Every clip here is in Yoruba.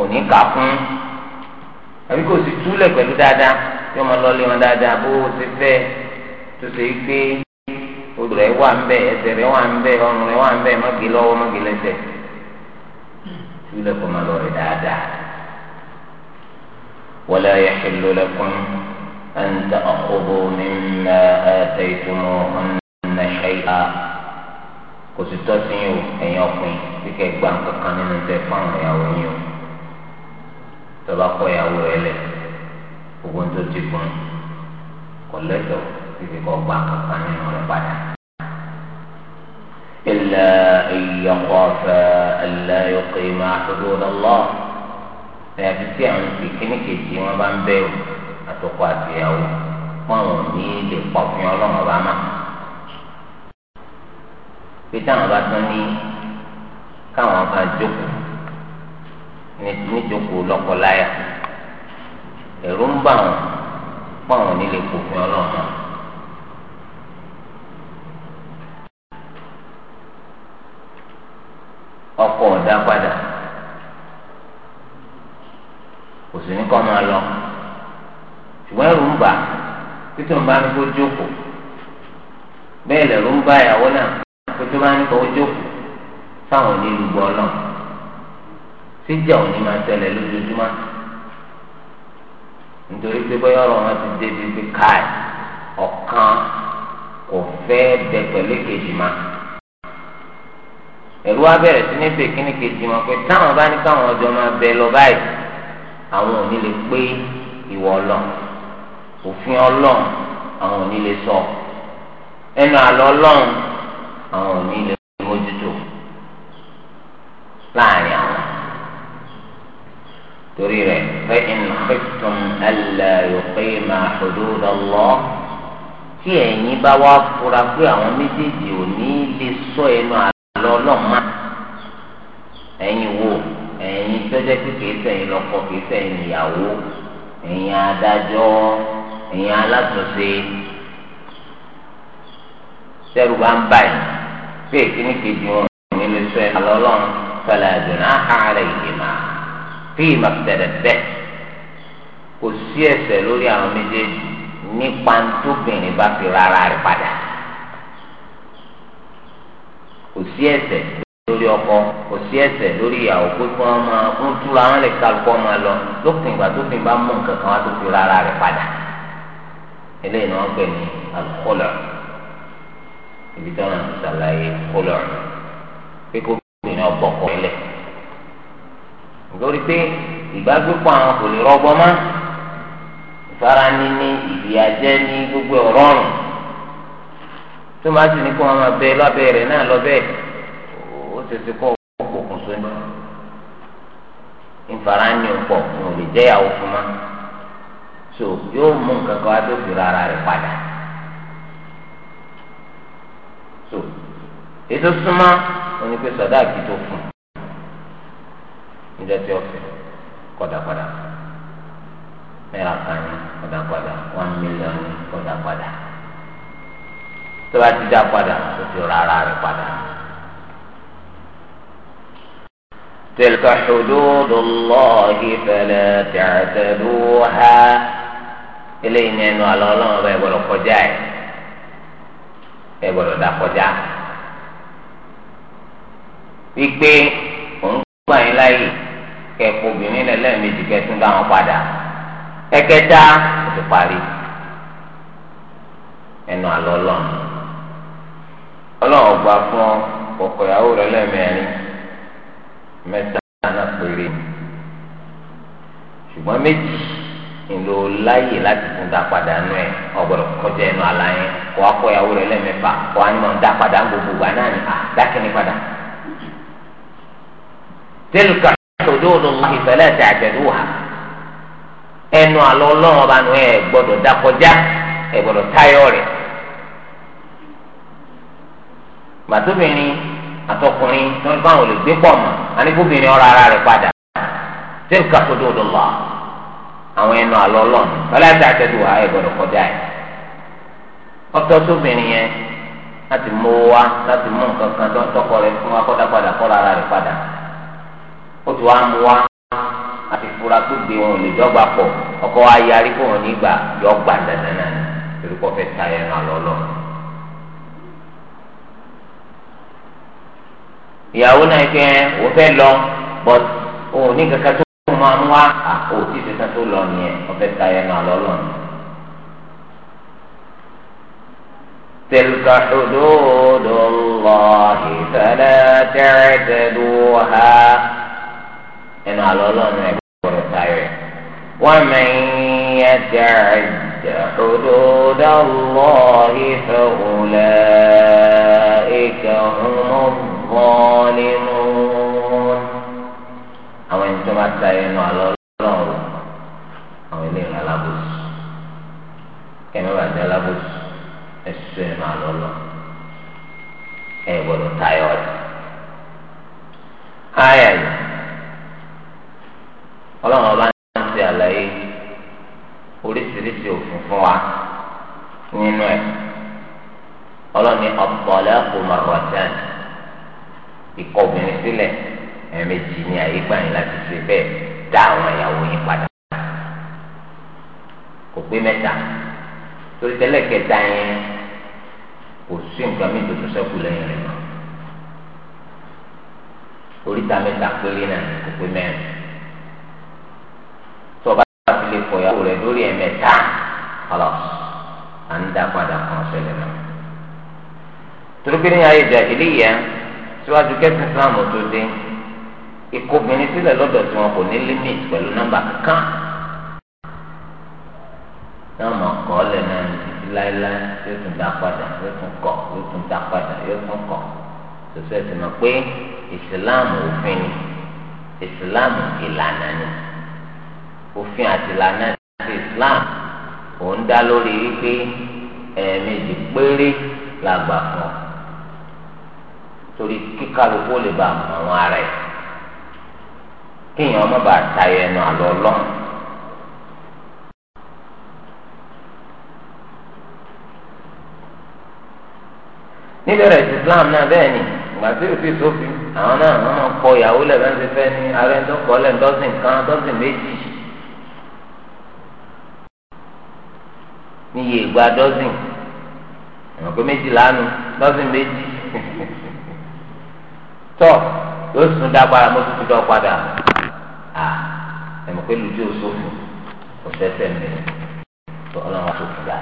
òní kà fún àbí kò sì túlẹ̀ pẹ̀lú dáadáa tí ọmọ lọ́lé wọn dáadáa bó o ti fẹ́ tó ṣe é pé odò rẹ̀ wà ń bẹ̀ ẹsẹ̀ rẹ̀ wà ń bẹ̀ ọrùn rẹ̀ wà ń bẹ̀ mọ́gì lọ́wọ́ mọ́gì lẹ́sẹ̀ túlẹ̀ kọ́ máa lọ rẹ̀ dáadáa. ولا يحل لكم أن تأخذوا مما آتيتموهن شيئا kò sì tọ́ sí yín o ẹ̀yin ọkùnrin kíkẹ́ gbà kankan nínú tẹ fáwọn ìyàwó yín o tọba kọ ìyàwó rẹ lẹ gbogbo ń tó ti fún kọ lẹtọ títí kọ gba kankan nínú rẹ padà. إلا أن يخافا ألا يقيما حدود الله ẹ̀yàfi tí àwọn ti kíní kejì wọn bá ń bẹ̀rù àtọkọ àtìyàwó wọn ò ní lè pọ̀ fún ọlọ́run ọba mà. pété àwọn bá tán ní káwọn kan jókòó níjókòó lọ́kọláya ẹ̀rù ń bà wọ́n pọ̀ wọ́n nílé kòfin ọlọ́run. ọkọ ọ̀dá padà kò sí ní kọ́ máa lọ ṣùgbọ́n ẹ̀rù ń bà títí wọn bá ní kó jókòó bẹ́ẹ̀ lẹ̀rù ń bá ìyàwó náà pé tó bá ní kó jókòó táwọn ò ní lùgbọ́ tíjà òní máa tẹ̀lé lójoojúmọ́ nítorí pé bóyá ọ̀rọ̀ wọn ti dé bíi káì ọ̀kan kò fẹ́ dẹ pẹ̀lú kejì máa ẹ̀rú wa bẹ̀rẹ̀ sí ní pèkínní kejì wọn pé táwọn bá ní káwọn ọjọ́ máa bẹ lọ báyìí àwọn ò ní lè pé ìwọ ọlọ́run òfin ọlọ́run àwọn ò lè sọ ẹnu àlọ́ ọlọ́run àwọn ò lè mójútó láàrin àwọn torí rẹ̀ fẹ́yìn xìtùm ẹlẹ́ yòókè máa ṣòdúrà lọ. tí ẹ̀yin bá wá fura pé àwọn méjèèjì ò ní lè sọ ẹnu àlọ́ ọlọ́mọ ẹ̀yin wo ẹ̀yin tọ́jọ́ pé kìí sẹ́yìn lọ́kọ kìí sẹ́yìn ìyàwó ẹ̀yin adájọ́ ẹ̀yin alátúnṣe sẹ́rù bá ń báyìí pé èkíní kejì wọn ní lè sọ ẹnu àlọ́ ọlọ́run fẹlẹ̀ àdùnnà àárẹ̀ ìgbìmọ̀ fi màkìtẹ̀rẹ̀ bẹ́ẹ̀ kò sí ẹ̀ṣẹ̀ lórí àwọn méjèèjì nípa tóbìnrin bá fi rárá rẹ̀ padà kò sí ẹ̀ṣẹ̀ lórí ọkọ kò sí ẹ̀ṣẹ̀ lórí ìyàwó pé kí wọ́n máa ń túra wọn lè kálukọ́ máa lọ lópin ìgbà tóbìnrin bá mú nǹkan kan wá tó fi rárá rẹ̀ padà eléyìí ni wọ́n pè ní alukólọ̀ ibi tí wọ́n ti ṣàlàyé kólọ̀ pé kó bìnrin ọ̀pọ̀ kọ́ ilẹ̀ nítorí pé ìgbàgbépọ̀ àwọn kò lè rọgbọ́n mọ́ ìfarani ní ìyàjẹ́ ní gbogbo ọ̀rọ̀ ọ̀rùn tó máa sì ní kó wọn máa bẹ lábẹ́ rẹ̀ náà lọ́bẹ̀ ó tètè kọ́ òkùnkùn sóni ìfarani pọ̀ ní ò lè jẹ́yàwó fún ma so yóò mú nǹkan kan wá tó fi rárá rẹ̀ padà so ètò súnmọ́ onípe sọ̀dá àkìtò fún un níjọ́ tí ọ̀fẹ́ kọ́dà padà náírà kan ní kọ́dà one million ní kọ́dà padà tó bá ti dá padà ó ti ra ara rẹ̀ padà. تلك حدود الله فلا تعتدوها eléyìí ní ẹnu àlọ́ ọlọ́run ọba ẹ̀gbọ́dọ̀ kọjá ẹ̀ ẹ̀gbọ́dọ̀ dà kọjá kẹ̀kọ́ obìnrin lẹ̀ lẹ́ẹ̀mejì kẹ́tún dá wọn padà ẹ̀kẹta kò ti parí ẹnu àlọ́ ọlọ́run ọlọ́run ọgbà fún ọ kọ̀ọ̀kọ̀ ìyàwó rẹ lẹ́ẹ̀mẹrin mẹ́ta náà péré ṣùgbọ́n méjì ńlò láyè láti tún dá padà nù ẹ ọgbọ́dọ̀ kọjá ẹnu àlá yẹn kó akọ ìyàwó rẹ lẹ́ẹ̀mẹ́fà kó ànímọ̀ ń dá padà ń gbogbo gbà náà ní àdákẹ́ni padà. تلك حدود الله فلا تعجلوها ẹnu àlọ Ọlọ́run ọba nu ẹ gbọ́dọ̀ dakọjá ẹ gbọ́dọ̀ tayọ rẹ gbàtóbìnrin àtọkùnrin tí wọn fáwọn olùgbé pọ̀ mọ́ àníkóbìnrin ọ̀rọ̀ ó ti wá mú wa àti fura tó gbé wọn lè dọ́gba pọ̀ ọkọ wa yarí kó wọn nígbà yọ gbà dandanà orúkọ fẹ́ ta ẹran àlọ́lọ́. ìyàwó náà kẹ́ òun fẹ́ lọ but òun ní kankan tó kún máa mú wa òtí tuntun tó lọ nìyẹn ọfẹ́ ta ẹran àlọ́lọ́ ni. تلك حدود الله فلا تعتدوها ẹnu àlọ́ ọlọ́run ẹ̀ gbọ́dọ̀ tayọ ẹ̀. wọ́n mẹ́yìn ẹ̀jẹ̀ حدود الله فأولئك هم الظالمون àwọn ẹni tó bá ta ẹnu àlọ́ ọlọ́run àwọn ilé ìlú alábòsí kẹ́mi bá jẹ́ alábòsí ẹ̀sùn ẹnu àlọ́ ọlọ́run ẹ̀ gbọ́dọ̀ tayọ̀ ọ̀dọ̀ ọlọ́run ọba ń ṣe àlàyé oríṣiríṣi òfin fún wa nínú ẹ̀ ọlọ́run ní ọ̀pọ̀lẹ́ kò máa wà dáhùn ikọ̀ obìnrin sílẹ̀ ẹ̀ẹ̀mejì ní àyè gbà yín láti ṣe bẹ́ẹ̀ dá àwọn ìyàwó yín padà kò pé mẹ́ta torí tẹ́lẹ̀ yẹn kò sí nǹkan mi tuntun sẹ́kù lẹ́yìn rẹ̀ mọ́ oríta mẹ́ta péré náà kò pé mẹ́rin kọ ìyàwó rẹ̀ lórí ẹ̀mẹ́ta ọlọ à ń dá padà kan ṣẹlẹ̀ náà torípé ní ayé jàhílíyà síwájú kẹsì islam tó dé ìkóbìnrin sílẹ̀ lọ́dọ̀ tí wọn kò ní límìtì pẹ̀lú nọ́mbà kankan náà mọ̀ kọ́ ọ lẹ̀ náà títí láéláé yóò tún dá padà yóò tún kọ̀ yóò tún dá padà yóò tún kọ̀ sọsẹ́ ti mọ̀ pé ìsìláàmù òfin ni ìsìláàmù ìlànà ni òfin àti ìlànà ti Islam òun dá lórí wípé ẹ̀ẹ̀mejì péré la gbà fún ọ torí kíkálukú lè bá àwọn ara ẹ̀ kéèyàn má bàa tayọ ẹnu àlọ́ ọlọ́run. níbẹ̀rẹ̀ sí Islam náà bẹ́ẹ̀ ni ìgbà tí òfin sófin àwọn náà wọ́n máa kọ ìyàwó lẹ́ẹ̀mẹ́sẹ̀ fẹ́ ní arẹ́ńdọ́kọ̀ lẹ́ẹ̀dọ́sìn kan dọ́sìn méjì ní iye ìgbà dọ́sìn ẹ̀rọ pé méjì lánàá dọ́sìn méjì tọ́ yóò sùn dágbára mo tuntun dọ́ padà à ẹ̀mọ̀ pé lójú òṣòfò kò tẹ́tẹ́ mi tó ọlọ́run tó ti gbà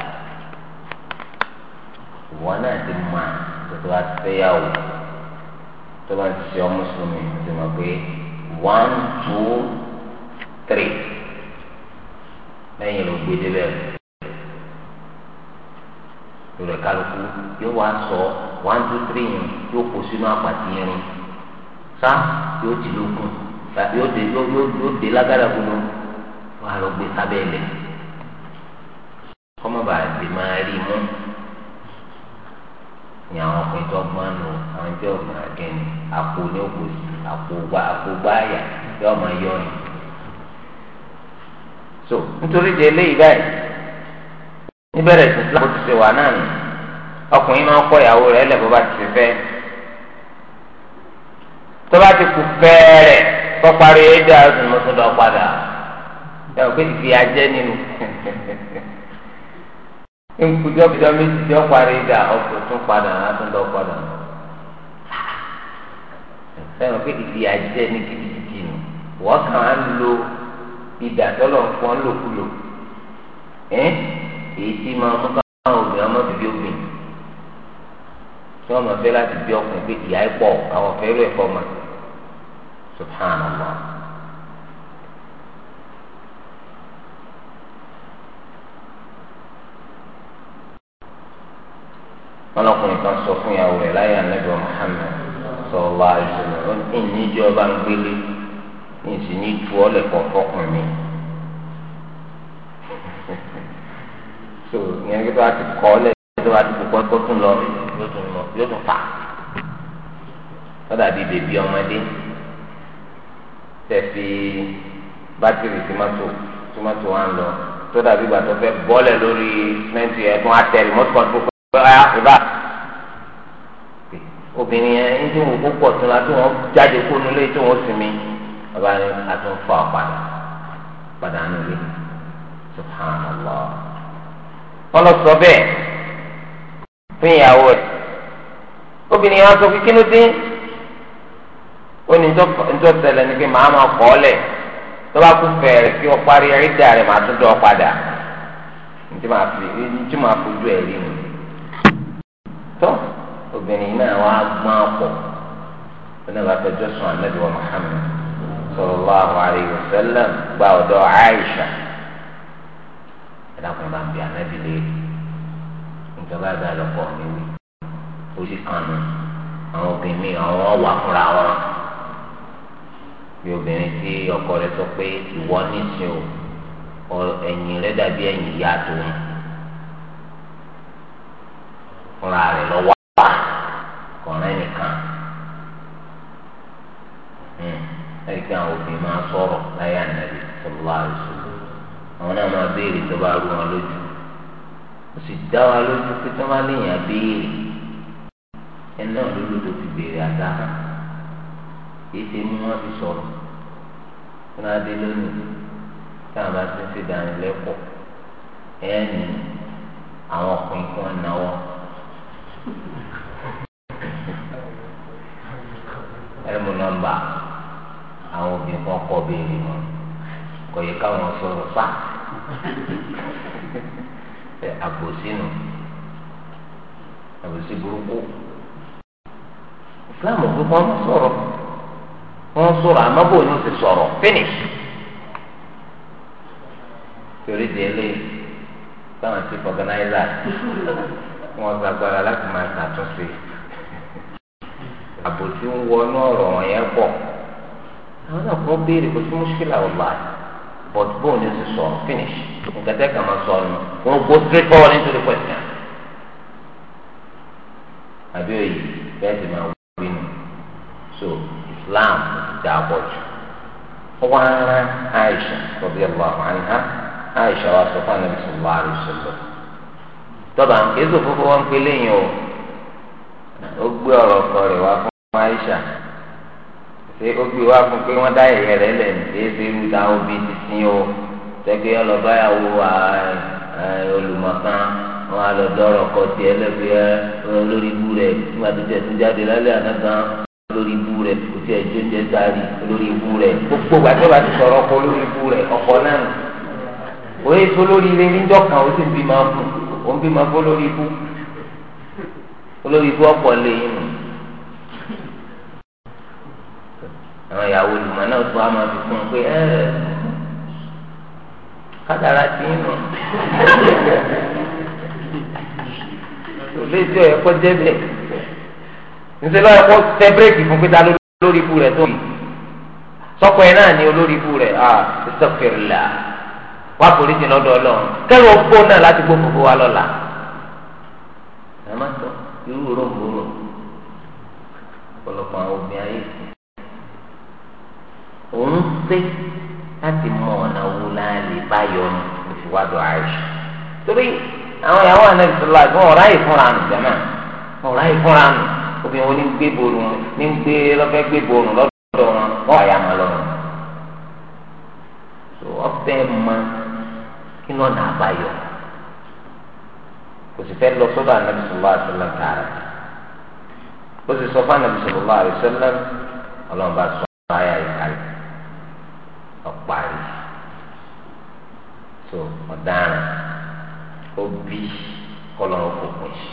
ìwọ náà ti mọ àtúntò àti fẹ́yàwó tó bá ti ṣe ọmọ sùnmi ti mọ̀ pé one two three lẹ́yìn ló gbé débẹ̀ rẹ̀ kálukú yóò wá sọ one two three yẹn yóò kó sínú àpàtì irin sá yóò ti lókun tàbí yóò dé yóò dé lágbára kunu wà lọ gbé sábẹ́ ilẹ̀ kọ́mọba àti máa rí mú ní àwọn ọkùnrin tó gbọ́n nù àwọn tí ọ̀gbìn àgẹ́ni àpò ní òkú àpò gbá àpò gbá àyà yóò máa yọ ọ̀yìn so nítorí de eléyìí báyìí. níbẹ̀rẹ̀ sí islam ti wà náà nù ọkùnrin máa ń kọ ìyàwó rẹ̀ lẹ̀ bó bá ti fẹ́ tó bá ti kú fẹ́ẹ̀rẹ̀ kó parí ẹ̀jẹ̀ àrùn mọ́tòdọ̀ padà yàrá pé ìfi ajẹ́ nínú nkùjọ́ bìjọ́ méjì jọ́ parí ẹ̀jẹ̀ ọ̀pọ̀ tún padà látúndọ̀ padà fẹ́ràn pé ìfi ajẹ́ ní kìtìkìtì nù wọ́n kàn án lo ìdàtọ́lọ̀ fún ọ́n lòkulò ẹ́. èyí tí máa mú káwọn obìnrin ọmọ bíbí obìnrin tí wọn máa fẹ́ láti bí ọkùnrin pé ìyá ẹ pọ̀ àwọn fẹ́ rú ẹ̀kọ́ ma subhanallah. wọn lọkùnrin kan sọ fún ìyàwó rẹ̀ láyé anabi Muhammad sọlọ wa ìṣẹ̀lẹ̀ ó ní ìníjọba ń gbélé ní ìsìn ní ìtú ọlẹkọ fọkùnrin mi. tó ìyẹn kí tó a ti kọ́ lẹ̀ tó a ti kọ́ tó tún lọ yóò tún lọ yóò tún fà lọ́dà bíi bèbí ọmọdé tẹ̀sí bátìrì tìmátò tìmátò wa ń lọ tó dàbí gbàtọ́ fẹ́ bọ́ọ̀lẹ̀ lórí sìmẹ́ntì ẹ̀tún àtẹ remote control fún ẹ̀ ìbá obìnrin yẹn ń dín òkú pọ̀ tó la tó wọ́n jáde kó nulẹ̀ tó wọ́n sinmi ọba ni a tún fọ àpàdà padà nulẹ̀ subhanallah ọlọsọ bẹ́ẹ̀ fún ìyàwó rẹ̀ obìnrin yẹn sọ kíkínú dín ó ní njọ tẹlẹ ní pé màá máa kọ́ lẹ̀ tó bá kú fẹ̀rẹ̀ kí wọ́n parí ẹ̀rídà rẹ̀ màá tún dọ̀ padà ntí màá fi ntí màá fojú ẹ̀ rí mi tó obìnrin náà wàá gbọ́n pọ̀ ọ̀nà bàtẹ́jọ́sùn Ànábì wa Muhammad sallallahu alaihi wasallam gba ọ̀dọ̀ Aisha ẹ̀dàkùn bá ń bi ànábì lé ìjọba ẹ̀dá lọ́pọ̀ mi wí orí kan nù àwọn obìnrin àwọn wà fúnra wọn bí obìnrin tí ọkọ rẹ̀ sọ pé ìwọ níṣẹ́ o ẹ̀yìn rẹ̀ dàbí ẹ̀yìn ìyá tó ń fúnra rẹ̀ lọ́wọ́ wà kọ̀ọ̀rẹ́ nìkan hmm. ẹ̀ka obìnrin máa sọ̀rọ̀ láyé ànábì sọ̀rọ̀ láàrín sọ̀rọ̀ àwọn náà máa béèrè tó bá rú wọn lójú ó sì dá wa lójú pé tó bá léèyàn béèrè ẹni náà lójú tó fi béèrè àdáhà ètè mú wọn fi sọ̀rọ̀ fúnra dé lónìí táwọn bá ti ń ṣe ìdánilẹ́kọ̀ọ́ ẹni àwọn ọkùnrin kan náwó. ẹmu nọ́mbà àwọn obìnrin kan kọ béèrè wọn kò yẹ káwọn sọ̀rọ̀ pa ẹ àbòsí nù àbòsí burúkú islam ò fún wọn sọ̀rọ̀ wọn sọ̀rọ̀ àmọ́ bò ní ti sọ̀rọ̀ finish torí délé táwọn ti fọgànáìzà wọn gbàgbára láti máa ṣàtúnṣe àbòsí ń wọnú ọ̀rọ̀ wọn yẹn pọ̀ àwọn náà kọ́ béèrè kó tí mú ṣíkìlà ọ̀la yìí but bóun is the ti sọ finish nǹkan tẹ́ kà máa sọ ọ́nù go straight forward into the question àbí òye bẹ́ẹ̀ ti máa wọ so Islam da a bọ̀ jù wọ́n Allah rán Aisha anha Aisha wa sọ fún anabi sallallahu alaihi wasallam tọ́ba èso fúnfún wọn pé lẹ́yìn o ó gbé ọ̀rọ̀ kan rẹ̀ wá fún Aisha ṣé ó gbé wá fún pé wọ́n dá ẹ̀yẹ rẹ̀ lẹ̀ ṣéé ṣe irú ta obì ti sin o tẹ́gbẹ́ ọlọ́báyàwó olùmọ̀kan wọn á lọ dọ́rọ̀ kọ tiẹ̀ lẹ́gbẹ̀ẹ́ lórí ibú rẹ̀ nígbà tó tẹ̀ tún jáde lálẹ́ àná gan lórí ibú rẹ̀ kò tiẹ̀ jó jẹ́ sáré lórí ibú rẹ̀ gbogbo gbàdúrà ti sọ̀rọ̀ kọ lórí ibú rẹ̀ ọkọ̀ náà òye tó lórí ilé níjọ́ kan ó sì ń bí máa fún òun bí máa fún lórí ibú olórí ibú ọ̀pọ̀ lẹ́yìn àwọn ìyàwó olùmọ náà tó a máa fi fún un pé ẹ kádàrá ti ń nù lójú ẹ kọ jẹ bẹ́ẹ̀ níṣẹ́ lọ ẹkọ tẹ bírèkì fún pé ta lórí ikú rẹ tó yìí sọkọ ẹ náà ní olórí ikú rẹ ah sọfìrìlà wà pòlì jìn lọ́dọ̀ kẹrù ọgbó náà láti gbó gbogbo wa lọ́la ẹ má sọ irú ròǹbòrò ọ̀pọ̀lọpọ̀ àwọn obìnrin ayé sí òun fẹ́ láti mọ ọ̀nà wo la lè bá yọ ọ́nù oṣù wádùn àìsàn torí àwọn ìyàwó ànábì sọlá àti wọn ọ̀rá yìí fúnra nù jẹ́mà ọ̀rá yìí fúnra nù obìnrin wọn ní gbé borun ní gbé lọ́fẹ́ gbé borun lọ́dọ̀ wọn wọ́n àyà máa lọ́rùn so ọ̀fẹ́ mọ kí lọ́nà àbáyọ kò sì fẹ́ lọ sọ́dọ̀ ànábì sọlá àti sọlá tààrà ó sì sọ fún ànábì sọlá àti sọlá ọlọ́run bá sọ ayà yìí ọ̀parí so ọ̀daràn òbí kọlọ́run kò pè sí.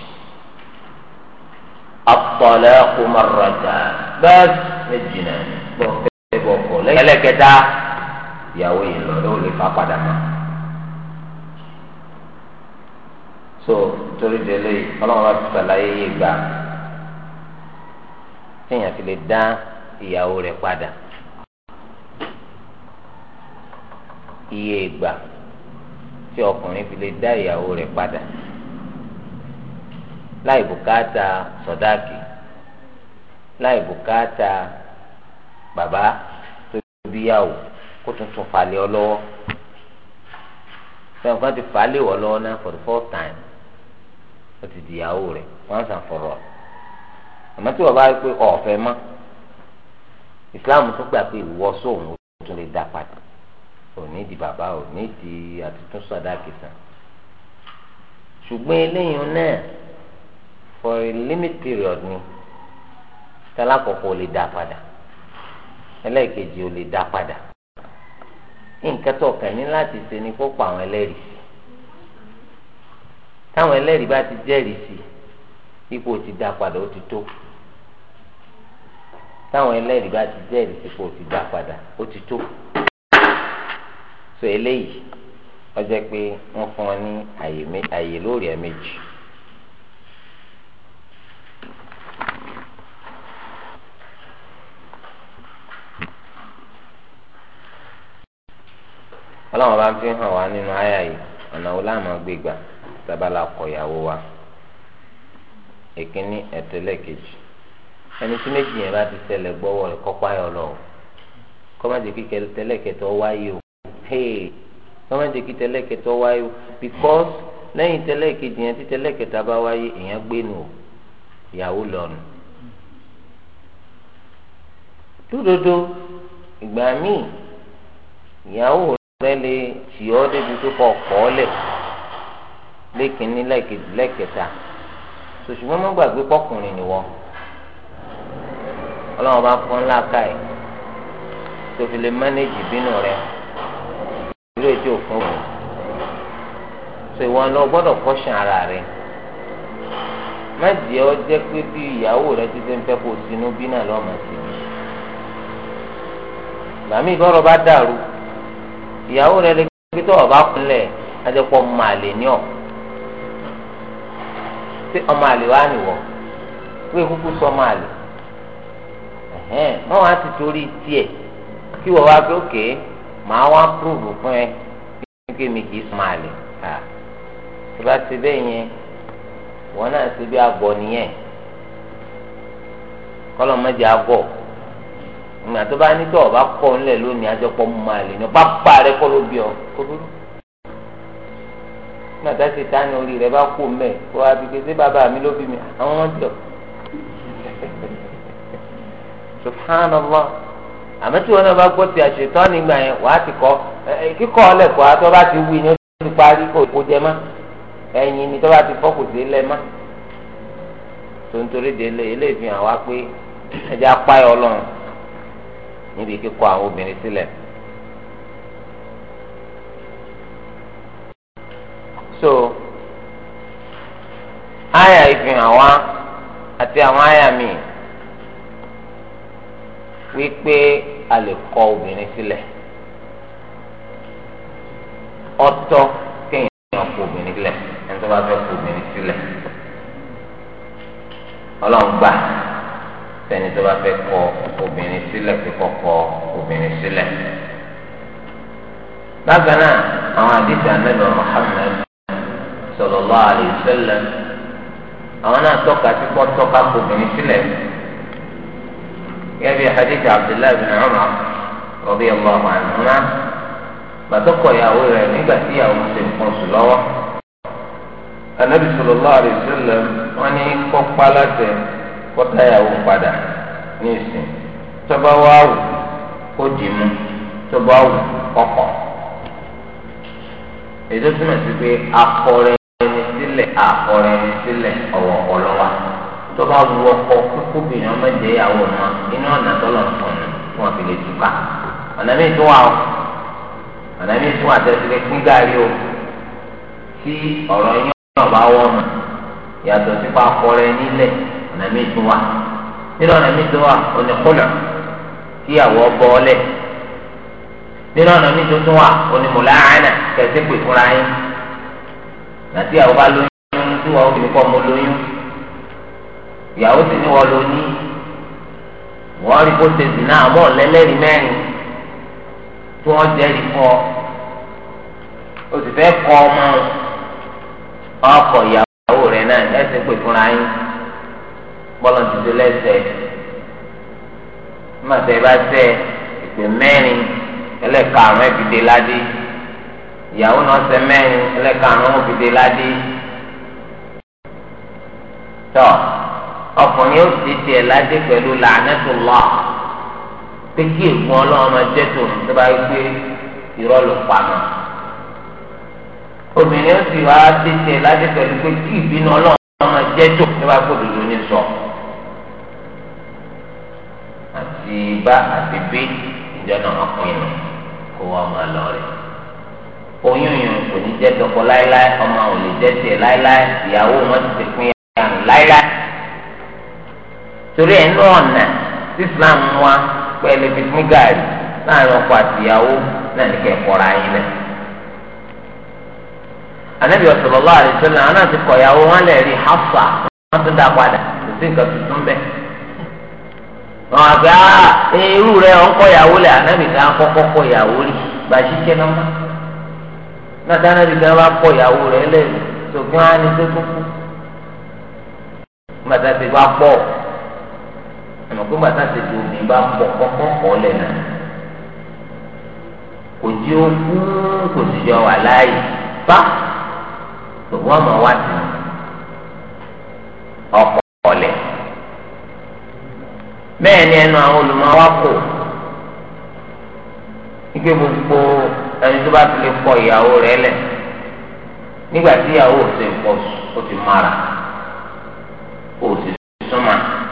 àpọ̀lẹ́ kò máa bẹ́ẹ̀ méjì náà gbọ́ fẹ́ bọ̀ kọ́ lẹ́kẹ̀lẹ́kẹ̀dá ìyàwó yìí lọ ló lè fa padà mọ́. so torí délé ọlọ́run bá ti sàlàyé yé gbà téèyàn fi lè dá ìyàwó rẹ̀ padà. iye ìgbà tí ọkùnrin fi lè dá ìyàwó rẹ̀ padà láì bùkátà sọdáàkì láì bùkátà bàbá tó bíyàwó kó tuntun falẹ̀ ọ lọ́wọ́ fẹ́ràn kan ti falẹ̀ wọ́ lọ́wọ́ náà for the first time ó ti di ìyàwó rẹ̀ once and for all àmọ́ tí wọ́n bá rí pé ọ̀fẹ́ mọ́ ìsìláàmù tún gbà pé ìwọ sóhun ó tún lè dá padà. ò ní di bàbá ò di àtúntún tán ṣùgbọ́n eléyìí for a limited period ni tálákọ̀ọ́kọ́ ò lè dá padà ẹlẹ́ẹ̀kejì ò lè dá padà nǹkan tó kàn ní láti ṣe ni kó pa àwọn ẹlẹ́rìí sí táwọn ẹlẹ́rìí bá ti jẹ́rìí sí ipò ti dá padà ó ti tó táwọn ẹlẹ́rìí ti jẹ́rìí so eléyìí ọjọ́ pé wọn fún wọn ní àyè lórí ẹ̀ méjì. bá ń fi hàn wá nínú àyà yìí ọ̀nà wo láàmú gbégbà tábàlà kọ̀yàwó wa èkíní ẹ̀tẹ́lẹ̀ kejì ẹni tí méjì yẹn bá ti ṣẹlẹ̀ gbọ́wọ́ lọ kíkẹ́ tẹ́lẹ̀ wáyé o hey sọmọdé kí tẹlẹkẹtọ wáyé o because lẹ́yìn tẹlẹkẹjì yẹn tí tẹlẹkẹta bá wáyé èèyàn gbé nù o ìyàwó lọnù. dúdòdó ìgbà míì ìyàwó rẹ lè tì ọ́ débi tó kọ ọkọ lẹ lẹkìnní lẹ́kejì lẹ́kẹta sòṣùgbọ́n má gbàgbé pọkùnrin nìwọ Ọlọ́run bá fún ńlá ká ẹ tó fi lè mánéjì bínú rẹ irú ètò òfin wò so ìwọ ni o gbọ́dọ̀ kọ́ṣàn ara rẹ má jẹ́ ọ jẹ́ pé bí ìyàwó rẹ ti ṣe fẹ́ kó o sinú bí náà lọ́ọ́ máa ti bí gbàmí ìbọ̀rọ̀ bá dàrú ìyàwó rẹ lè gbé tó ọba kúnlẹ̀ ajẹ́pọ̀ màlè ní ọ̀ tí ọmọ àlè wá nìwọ̀ pé kúkú sọ ọmọ àlè ẹ̀hẹ́n wọ́n wá ti torí tiẹ̀ kí wọ́n wá gbé òkè. Okay màá wá púrúfù fún ẹ kí mi kì í sọ máa lè ha tó bá ti bẹ́ẹ̀ yẹn wọn náà ti bí agọ nìyẹn kọlọ mẹjẹ agọ ìgbà tó bá ní tó ọba kọ ńlẹ lónìí àjọpọ̀ máa lè ní pápá rẹ kọ́ ló bí ọ kókóró nígbàtà ti ta ni orí rẹ bá kú mẹ kó wa bí kété bàbá mi ló bí mi àwọn ọmọ jọ subhanallah àmọ́ tí wọn bá gbọ́ ti àṣetán nígbà yẹn wàá ti kọ́ kíkọ́ ọlẹ́kọ̀ọ́ àti ọba ti wí ni ó ti parí kò kó jẹ mọ́ ẹ̀yìn ni tọ́ba ti fọ́kù sí lẹ́ mọ́ tontorí délé eléyìí fi hàn wá pé ẹjẹ́ apáyọ̀ ọlọ́run níbi kíkọ́ àwọn obìnrin sílẹ̀. so àyà ìfihàn wa àti àwọn àyà míì wípé a lè kọ obìnrin sílẹ̀ ọ̀tọ̀ kéèyàn kọ obìnrin sílẹ̀ ẹni tó bá fẹ́ kọ obìnrin sílẹ̀ Ọlọ́run gbà sẹ́ni tó bá fẹ́ kọ obìnrin sílẹ̀ pé kọkọ obìnrin sílẹ̀ bákan náà àwọn àdìsí anábẹ Muhammad sallallahu alaihi wasallam àwọn náà tọ́ka sí kọ tọ́ka kọ obìnrin sílẹ̀. يبي حديث عبد الله بن عمر رضي الله عنهما gbàtọ́kọ̀ ìyàwó rẹ̀ nígbà tí ìyàwó ṣe nǹkan sùn lọ́wọ́ anabi sallallahu alaihi wasallam wọn ní kọ́pá láti kọ́tà ìyàwó padà ní ìsìn tọ́ba wá wù kó dì mú tọ́ba wù kọ́kọ́ èdè túmọ̀ sí pé akọrin ẹni akọrin ẹni sílẹ̀ ọ̀wọ̀ tó bá wù ọkọ kúkú bìnrin ọmọ ìdè ìyàwó ọmọ inú ọ̀nà tọ́lọ̀ fún wọn fi lè túká ọ̀nà mi tún wà ó ọ̀nà mi tún àtẹ̀sílẹ̀ fún gàrí o tí ọ̀rọ̀ yín ọ̀bá wọ̀ ọ̀nà yàtọ̀ sípa akọrẹ nílẹ̀ ọ̀nà mi tún wà nínú ọ̀nà mi tún wà oníkùnà kíyàwó ọbọ̀ ọlẹ̀ nínú ọ̀nà mi tún tún wà onímùláàánà kẹsí pè fúnra yín àti àwọn bá lóyún ìyàwó sì ní wọ́n ló ní wọ́n rí kó ṣe zìnnà àmọ́ lẹ́lẹ́rìí mẹ́rin tí wọ́n jẹ́rìí fọ́ o sì fẹ́ kọ́ ọmọ ọkọ ìyàwó rẹ̀ náà ẹsẹ̀ pè fúnra yín bọ́lá ti ṣe lẹ́sẹ̀ mọ̀tẹ́ bá tẹ̀ ìpè mẹ́rin ẹlẹ́karùn-ún ẹ̀fìdé ládé ìyàwó náà ṣe mẹ́rin ẹlẹ́karùn-ún ẹ̀fìdé ládé tọ́ ọkùnrin yóò ti tiẹ̀ ládé pẹ̀lú la'natullah pé kí ègún ọlọ́run máa jẹ́ tòun tó bá gbé irọ́ ló pa mọ́ obìnrin yóò ti wá ti tiẹ̀ ládé pẹ̀lú pé kí ìbínú ọlọ́run máa jẹ́ tòun tó bá gbé òdodo ní sọ àti bá àti bí ìjọ ọkùnrin kó wọ́n máa lọ rẹ̀ oyún kò ní jẹ́ tọkọ láéláé ọmọ ò jẹ́ tiẹ̀ láéláé ìyàwó wọn ti pín yàrá láéláé. torí ẹ̀ ní ọ̀nà tí islam wa pẹ̀lú fífún láàrin ọkọ àtìyàwó náà ní kẹ́kọ̀ọ́ra yín anabi sallallahu alaihi wasallam àwọn náà ti kọ̀yàwó wọn lè rí Hafsa wọn tún dá padà kò sí nǹkan tuntun bẹ́ẹ̀. Ah, wọn àgbẹ̀ á irú rẹ̀ kọ̀yàwó lẹ̀ anabi kan kọ́kọ́ kọ̀yàwó rí gbàṣíkẹ́ náà má. náà bá kọ̀yàwó rẹ̀ á ní tó ẹ̀mọ̀ pé bàtà ti di omi bá pọ̀ kọ́kọ́kọ́ lẹ̀ nà kò jí ó kú kò sì yọ wà láàyè bá tòun àmọ́ wá sí ọkọ̀ ọ̀lẹ̀ bẹ́ẹ̀ ni ẹnu àwọn olùmọ̀wá ike gbogbo ẹni tó bá ti lè kọ ìyàwó rẹ̀ lẹ̀ nígbà tí ìyàwó ò sì pọ̀ ó ti mara ó sì súnmọ́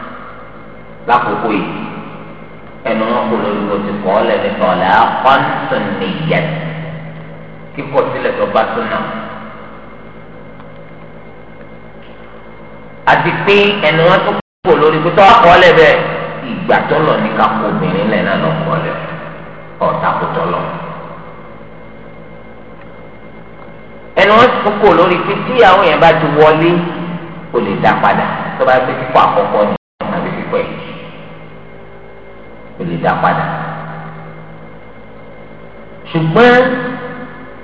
lákòókò yìí ẹnu wọn kò lórí o ti kọ́ lẹ́nu tọ̀lá kọ́ńtùn nìyẹn kíkọ́ sílẹ̀ tó bá tún náà. àti pé ẹnu wọn tó kò lórí pé tọ́ àkọọ́lẹ̀ bẹ́ẹ̀ ìgbà tó lọ ní ká kó obìnrin lẹ̀ náà lọ́kọ́ lẹ̀ ọ̀tá kò tọ́ lọ. ẹnu wọn tó kò lórí pé àwọn yẹn bá ti wọlé o lè dá padà tó bá gbé kíkọ́ àkọ́kọ́ ni o lè dá padà ṣùgbọ́n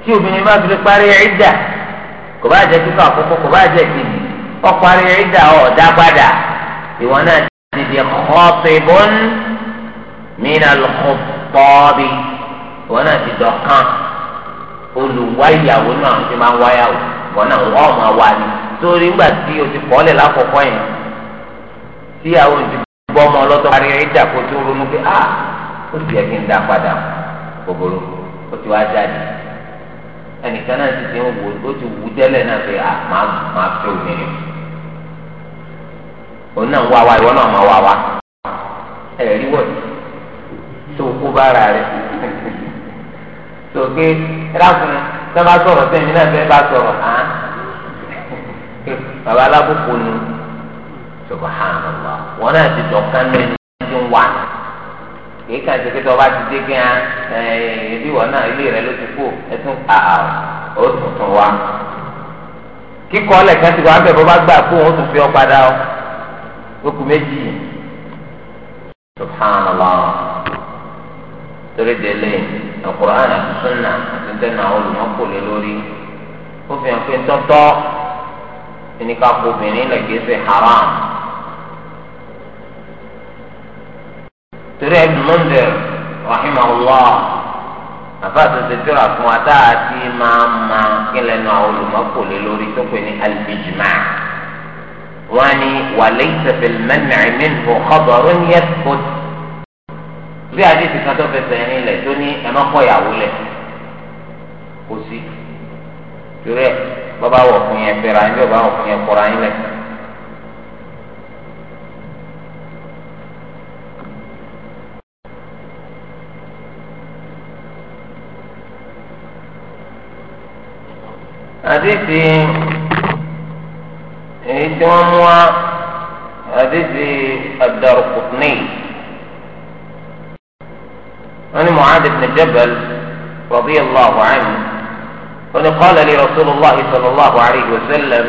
tí obìnrin bá fi lè parí ẹ̀dà kò bá jẹ́ kíkọ́ àkọ́kọ́ kò bá jẹ́ kejì ọ parí ẹ̀dà ọ̀ dá padà ìwọ náà ti di khatibun minal khutabi ìwọ náà ti dọ̀kan olùwáyàwó náà ti máa ń wáyàwó ìwọ náà wọ́n máa ni torí ńgbà tí o ti kọ́lẹ̀ lákọ̀ọ́kọ́ yẹn tí àwọn ti bọ́ ọmọ ọlọ́tọ̀ parí ìdá kó tó ronú pé a ah, ó ti yẹ kí n dá padà gbogbo ó ti wá jáde ẹnìkan náà ti ti ń wò ó ti wù tẹ́lẹ̀ náà pé a ah, máa máa fẹ́ obìnrin òun náà wá wa ìwọ náà máa wá wa ẹ̀rí wọ̀ tó kó bára rẹ̀ tòkè rákùn sábà sọ̀rọ̀ sẹ́mi náà fẹ́ bá sọ̀rọ̀ hàn bàbá alábòkò nù. subhanallah wọn náà ti dọ̀kan lóyún tí ń kìí kan ṣe kékeré ọba ti dé kí á ẹbí wọn náà ilé rẹ ló ti kú ẹtún àà ó tuntun wa kíkọ́ ọ̀lẹ̀ kan ti wá bẹ̀ bá gbà kó tún fi ọ́ padà ó okùn méjì subhanallah torí délé ọkùnrin àti sunna àti ntẹ́nu àwọn lórí ó fi hàn pé tọ́tọ́ ká kó obìnrin torí ẹbí mọ́ndẹ̀ rahimahullah àfa àtúnṣe tíra fún wa tá a ti máa ma kílẹ̀ nu àwọn olùmọ́kòlè lórí tó pè ní alìjìmá wọn ni wàlẹ́ ìsẹ̀fẹ̀ mẹ́nìrín mẹ́nìfọ̀ khabarun yathbut bí àdéhùn kan tó fẹsẹ̀ nílẹ̀ tó ní ẹ̀mọ́kọ̀yàwó lẹ̀ kò sí torí ẹ̀ wọ̀ fún yẹn fẹ́ra ẹ̀ bí ọba wọ̀ fún yẹn kọ́ra yín lẹ̀. àdìsí èyí tí wọ́n mú wa àdìsí ad-Daraqutni wọ́n ní Mu'adh ibn Jabal radiyallahu anhu wọ́n ní kọ́lá qala li Rasulullah sallallahu alayhi wa sallam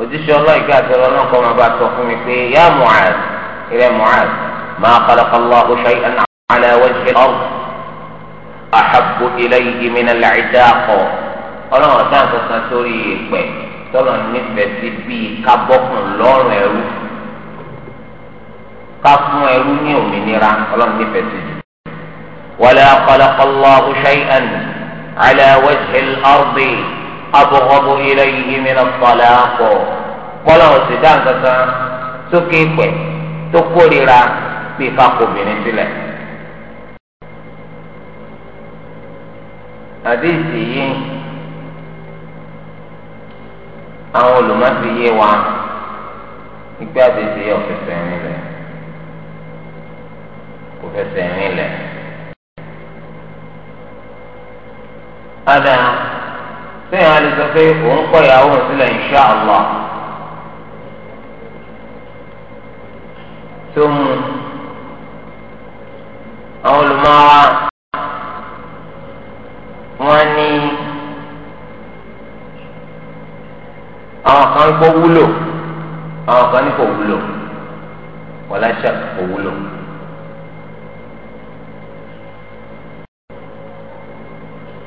òjíṣẹ́ ọlọ́ọ̀gá àtẹ̀rọ náà kọ́ máa bá sọ fún mi pé yá Mu'adh ìrẹ́ Mu'adh ma khalaqa Allahu shay'an ala wajhi al-ard ahabbu ilayhi min al-'idaq. ọlọ́run ọ̀dá nǹkan sórí ìpẹ́ tọ́lọ̀ nífẹ̀ẹ́ sí bíi kábọ́kùn lọ́rùn ẹrú ká fún ẹrú ní òmìnira ọlọ́run nífẹ̀ẹ́ sí jù. wala khalaqa Allahu shay'an ala wajhi al-ardi abghabu ilayhi min at-talaq kọ́lọ̀ ọ̀sẹ̀ dá nǹkan kan sókè ìpẹ́ tó kórira bíi kákò obìnrin sílẹ̀. àdéhìí yìí àwọn olùmọ̀sí yé wa ìgbé àdéhùn yẹ ọ̀fẹ́sẹ̀ rìn lẹ̀ kò fẹsẹ̀ rìn lẹ̀. Ada sẹ́yìn alẹ́ sọ pé òun kọ́ ìyàwó òun sílẹ̀ insha tó mú ń kó wúlò àwọn kan ní kò wúlò wọláṣà kò wúlò.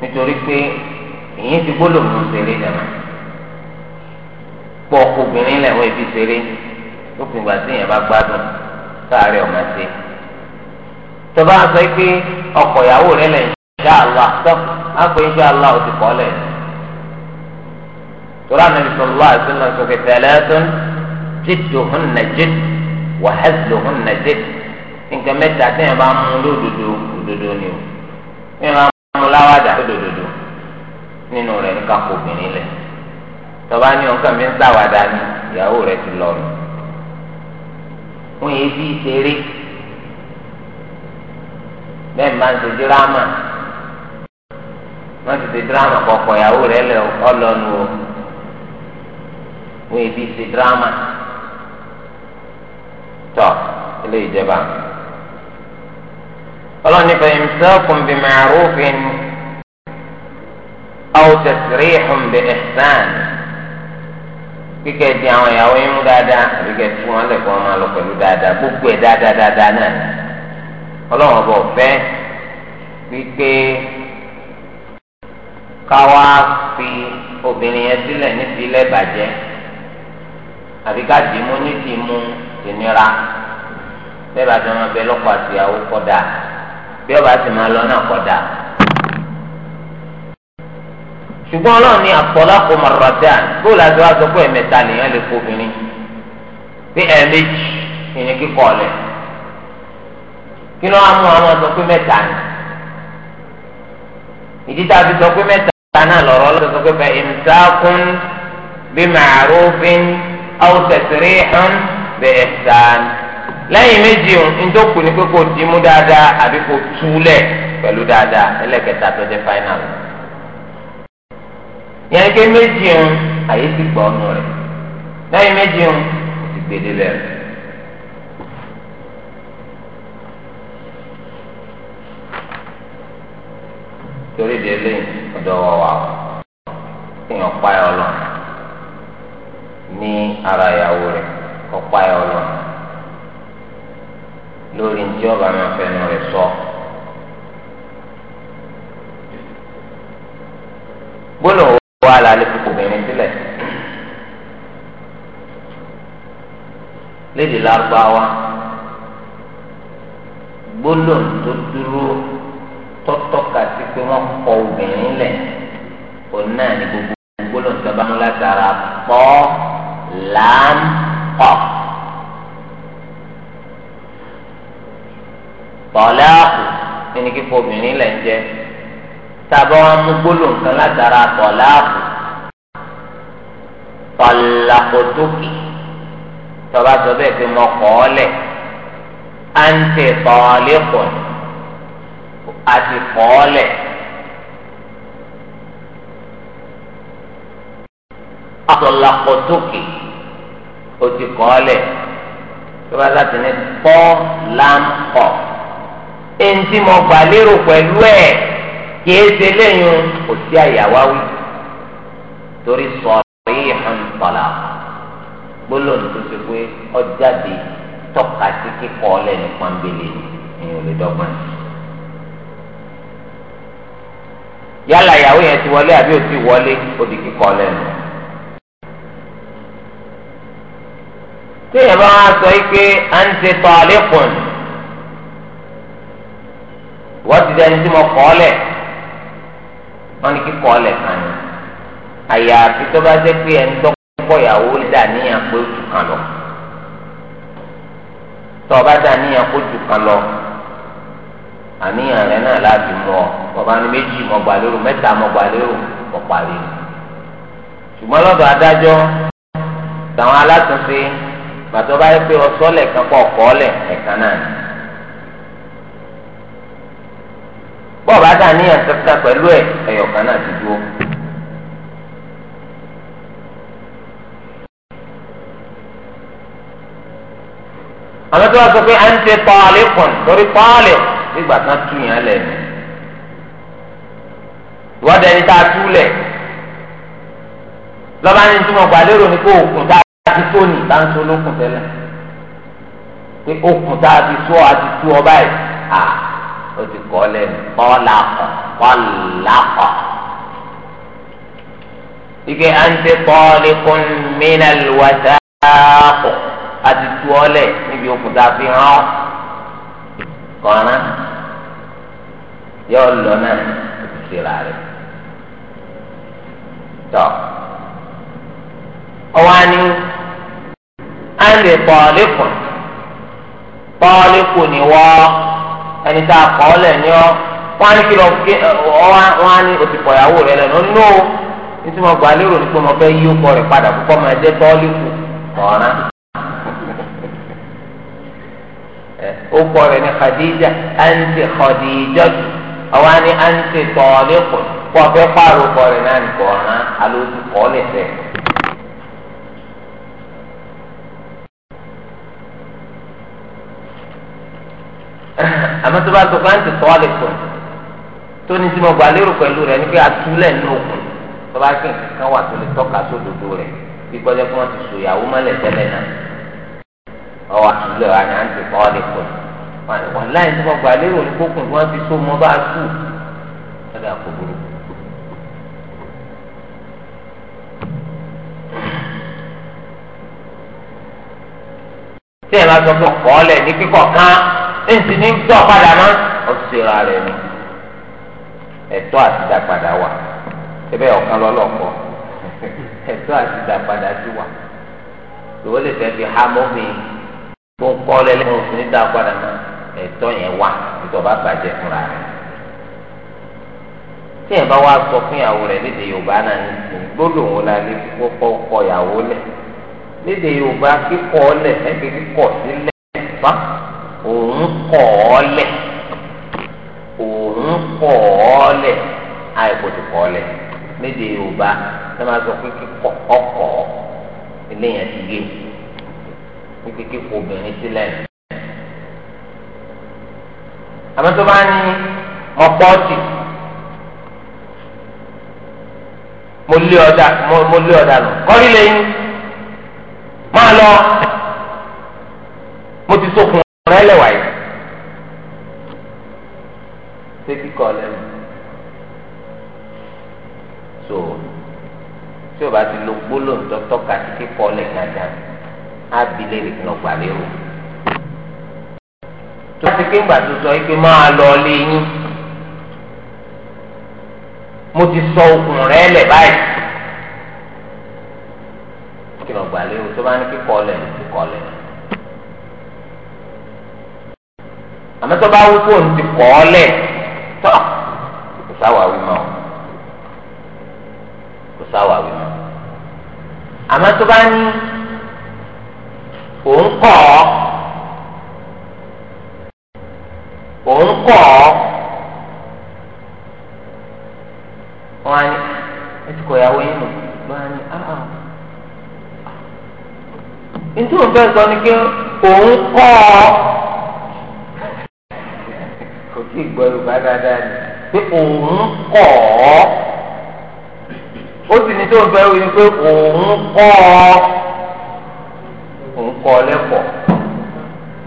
nítorí pé èyí ti gbọ́dọ̀ mú ṣeré dànù pọ̀ obìnrin lẹ́wọ̀n ibi ṣeré lópin ìgbà tí èèyàn bá gbádùn káàárẹ̀ ọ̀mà ṣe. tọ́ba sọ pé ọkọ ìyàwó rẹ̀ lẹ̀ ń ṣe àlọ́ àtọ́ àpò ìṣe àlọ́ òtí kọ́ lẹ̀ tọ́lá nàbì sọ̀rọ̀ àṣìlá sọ̀kẹ́ tẹ̀lẹ́tún jìdù hùn nà jìd wà hẹ́sìlù hùn nà jìd nǹkan mẹ́ta tí yẹn bá mú lódodo òdodo ni o tí yẹn bá mú láwàdà lódodo nínú rẹ̀ nǹkan kò bìnrin lẹ̀ tọ́ba ní ọ̀kan mi ń sàwàdà ni ìyàwó rẹ̀ ti lọ rẹ̀ wọ́n yẹ bí ìṣeré bẹ́ẹ̀ máa ń ṣe dírámà wọ́n ti ṣe dírámà kọ̀ọ̀kọ̀ ìyàwó rẹ̀ lẹ̀ ọlọ́nu o wọn èbí ṣe dírámà tọ ilé ìjẹba ọlọ́ni fẹ̀yìn sẹ́kùn bí màrúfin àwòtẹ̀sírí ìhùnbẹ̀ ẹ̀sán kíkẹ́ di àwọn ìyàwó yín mú dáadáa àbí kẹ́ tí wọ́n lè kọ́ máa lọ pẹ̀lú dáadáa gbogbo ẹ̀ dáadáa dáadáa náà ọlọ́run ọba ọ̀fẹ́ wípé káwá fi obìnrin yẹn sílẹ̀ níbi ilẹ̀ bàjẹ́ àbí ká dì mú ní dì mú ìnira bẹ́ẹ̀ bá ti máa bẹ lọ́kọ àtìyàwó kọ́dà bí ọba ti máa lọ náà kọ́dà. ṣùgbọ́n ọlọ́run ní àpọ̀lápọ̀ mọ̀rọ̀dán bóòlù àti wàá sọ pé ẹ̀mẹ́ta nìyẹn lè kó obìnrin bí ẹ̀ẹ̀mejì ìyẹn kíkọ́ ọ̀lẹ̀ kí ló wá mú àwọn sọ pé mẹ́ta ni ìdí tá a fi sọ pé mẹ́ta náà lọ̀rọ̀ lọ́sọ̀ pé fẹ́ ìmùsákún bí màrúfin àwọn tẹ̀sírì hàn bẹ́ẹ̀ sàn. lẹ́yìn méjì ńdókù ni pé kò dìímú dáadáa àbí kò túlẹ̀ pẹ̀lú dáadáa ẹlẹ́kẹta tó jẹ́ final. yẹn ké méjì ń àyè ti gbọ́ ọ̀nù rẹ̀ lẹ́yìn méjì ń ti gbèdé bẹ̀rẹ̀. torí délé ọ̀dọ̀ wọ̀ wà ó kéèyàn pa ẹ̀ ọlọ́run ní ara ìyàwó rẹ̀ ọ̀pá ẹ̀ ọ̀lọ́ lórí ntí ọba máa fẹnu rẹ̀ sọ. gbọ́dọ̀ wọ alálẹ́ fún obìnrin sílẹ̀ lédè lárúbáwá gbọ́dọ̀ tó dúró tọ́tọ́ka sí pé wọ́n kọ obìnrin lẹ̀ òun ní gbogbo gbọ́dọ̀ tó bá mú látara pọ́ọ́. لام قاف طلاق ẹni kí fún obìnrin lẹ̀ ń jẹ tábà wọn mú gbólóhùn kan látara tọ̀láàpù tọ̀làkòtókì tọba sọ bẹ́ẹ̀ pé mo kọ́ ọ lẹ̀ á ń tẹ̀ tọ̀ọ̀lẹ́kọ̀ àti kọ́ ọ lẹ̀ o ti kọ́ ọ lẹ̀ tó bá láti ní pọ́ láǹkọ̀ eŋti mo gbà lérò pẹ̀lú ẹ̀ kìí ṣe lẹ́yìn kò sí àyàwá wí torí sọ̀rọ̀ yìí hàn tọ̀là gbólóhùn tó ṣe pé ọjáde tọ́ka sí kíkọ́ ọ lẹ́nu pọ́nbélé ẹ̀yìn olùdọ́gbọ́n sí. yálà ìyàwó yẹn ti wọlé àbí ò ti wọlé ó di kíkọ lẹ́nu tí èèyàn bá wá sọ pé à ń ṣe tọ́ àlékún wọ́n ti dẹni tí mo kọ́ lẹ̀ wọ́n ní kíkọ́ lẹ̀ kan ní àyàfi tó bá jẹ́ pé ẹni tó kọ́ ìyàwó dà níyàn pé ó tù kan lọ tó o bá dà níyàn pé ó tù kan lọ àníyàn rẹ náà láti mú ọ bàbá ni méjì mọ lérò mẹ́ta mọ lérò mọ ṣùgbọ́n lọ́dọ̀ adájọ́ tàwọn alátúnṣe gbàtọ́ bá yẹ pé ọsọ lẹ̀kan kọ́ ọ̀kọ́ lẹ̀ ẹ̀kan náà ni. bọ́ọ̀bù àdáníyàn kankan pẹ̀lú ẹ̀ ẹ̀yọ̀kan náà ti dúró. àwọn tó wá sọ pé à ń ṣe pọ́ọ̀lì kùn torí pọ́ọ̀lì nígbà kan tú yẹn lẹ̀ ní. ìwọ́dẹ ni tá a tú lẹ̀ lọ́ba ní tí mo gbà lérò ní kó òkun tá àti sóni bá ń so lókun tẹ́lẹ̀ pé okùn tá a ti so a ti tú ọ báyìí à ó ti kọ́ lẹ́nu kọ́lá kọ́ kọ́lá kọ́ ike à ń mìíràn lùwàtà kọ́ a ti tú ọ lẹ̀ níbi okùn tá a fi hàn kọ́ran yọ lọ náà ti ṣe rà rẹ̀ tọ́ ọwọ́ ni a ń lè pọ̀ọ́lẹ́kùn pọ̀ọ́lẹ́kùn ni wọ́ ẹni tá a kọ́ lẹ̀ ní ọ́ wọ́n á ní kí lọ gé wọ́n á ní òtí pọ̀yàwó rẹ̀ lẹ̀ lọ́nà ó ní tí mo gbà lérò ní pé mo fẹ́ yí ọkọ rẹ̀ padà púpọ̀ máa jẹ́ pọ̀ọ́lẹ́kùn ọ̀ràn. ọkọ rẹ̀ ní Khadija àǹtí Khadija ọwọ́ á àǹtí pọ̀ọ́lẹ́kùn kó o fẹ́ pààrọ̀ ọkọ rẹ̀ náà ní kọ̀ọ̀ràn alóòtú kọ́ọ́lẹ̀ fẹ́ẹ́. àmọ́ tó bá sọ pé àǹtí sọ wà lè pọ̀ tó ní tí mo lérò pẹ̀lú rẹ̀ ni pé àtúlẹ̀ ní òkun tó bá sì kan wà tó lè tọ́ka sódodo rẹ̀ bí gbọ́dọ̀ pé wọ́n ti sọ ìyàwó mọ́lẹ̀ tẹ́lẹ̀ náà ọwọ́ àtúlẹ̀ wà ní àǹtí sọ wà lè pọ̀ wọn láì tí mo gbà lérò ní kókùn wọ́n fi sọ mọ́ bá a sù lọ́dọ̀ tí ẹ bá sọ pé kọ́ ọ ní kíkọ̀ kan. èsì ní tọ́ padà mọ́ ọ̀sẹ̀ra rẹ̀ ni ẹ̀tọ́ àti dàpadà wà ebe ọ̀kan lọ́lọ́kọ ẹ̀tọ́ ẹtọ dàpadà sí wà ìwọ lè fẹ́ fi ha mi tó ń kọ́ lẹ́lẹ́mọ̀ òsì ní dàpadà mọ́ ẹ̀tọ́ yẹn wà nítorí ọba bàjẹ́ fúnra rẹ̀ tí bá wá sọ fún ìyàwó yorùbá náà ní la lè ìyàwó yorùbá òun kọ̀ ọ́ lẹ̀ òun kọ̀ ọ́ lẹ̀ àìkòtò kọ̀ ọ́ lẹ̀ lédè yorùbá ṣé máa sọ pé kíkọ̀ ọkọ̀ eléyàn ti gé ní kékeré kó obìnrin sílẹ̀ àmọ́ tó bá ní mọ pọ́ọ̀tì mo lé ọ̀dà mo lé ọ̀dà nù kọ́rí lẹ́yìn máa lọ mo ti sókun ọ̀rẹ́ lẹ́wà yìí ṣé kíkọ́ lẹ́nu so tí o bá ti lo gbólóhùn tó tọ́ka sí kíkọ́ lẹ́gàdá á bi lè rìn lọ́gbà lérò tó ti ké ńgbà tó sọ yìí pé máa lọ lé yín mo ti sọ okùn rẹ lẹ̀ báyìí kí lọ́gbà lérò tó bá ní kíkọ́ lẹ́nu kíkọ́ lẹ́nu. àmọ́ tó bá wú fóònù ti kọ́ ọ lẹ̀ tọ́ kò sáwà wí mọ́ kò sáwà wí mọ́ àmọ́ tó bá ní òun kọ́ ọ òun kọ́ ọ á ti kọ ìyàwó yín nù lọ́wọ́ á ní ntí ah, ah. òun fẹ́ sọ ni pé òun kọ́ ọ tí gbọ́ yorùbá dáadáa ni pé òun kọ̀ ọ́ ó sì ní tó ń bẹ́ẹ̀ wí pé òun kọ́ ọ́ òun kọ́ ọ lẹ́kọ̀ọ́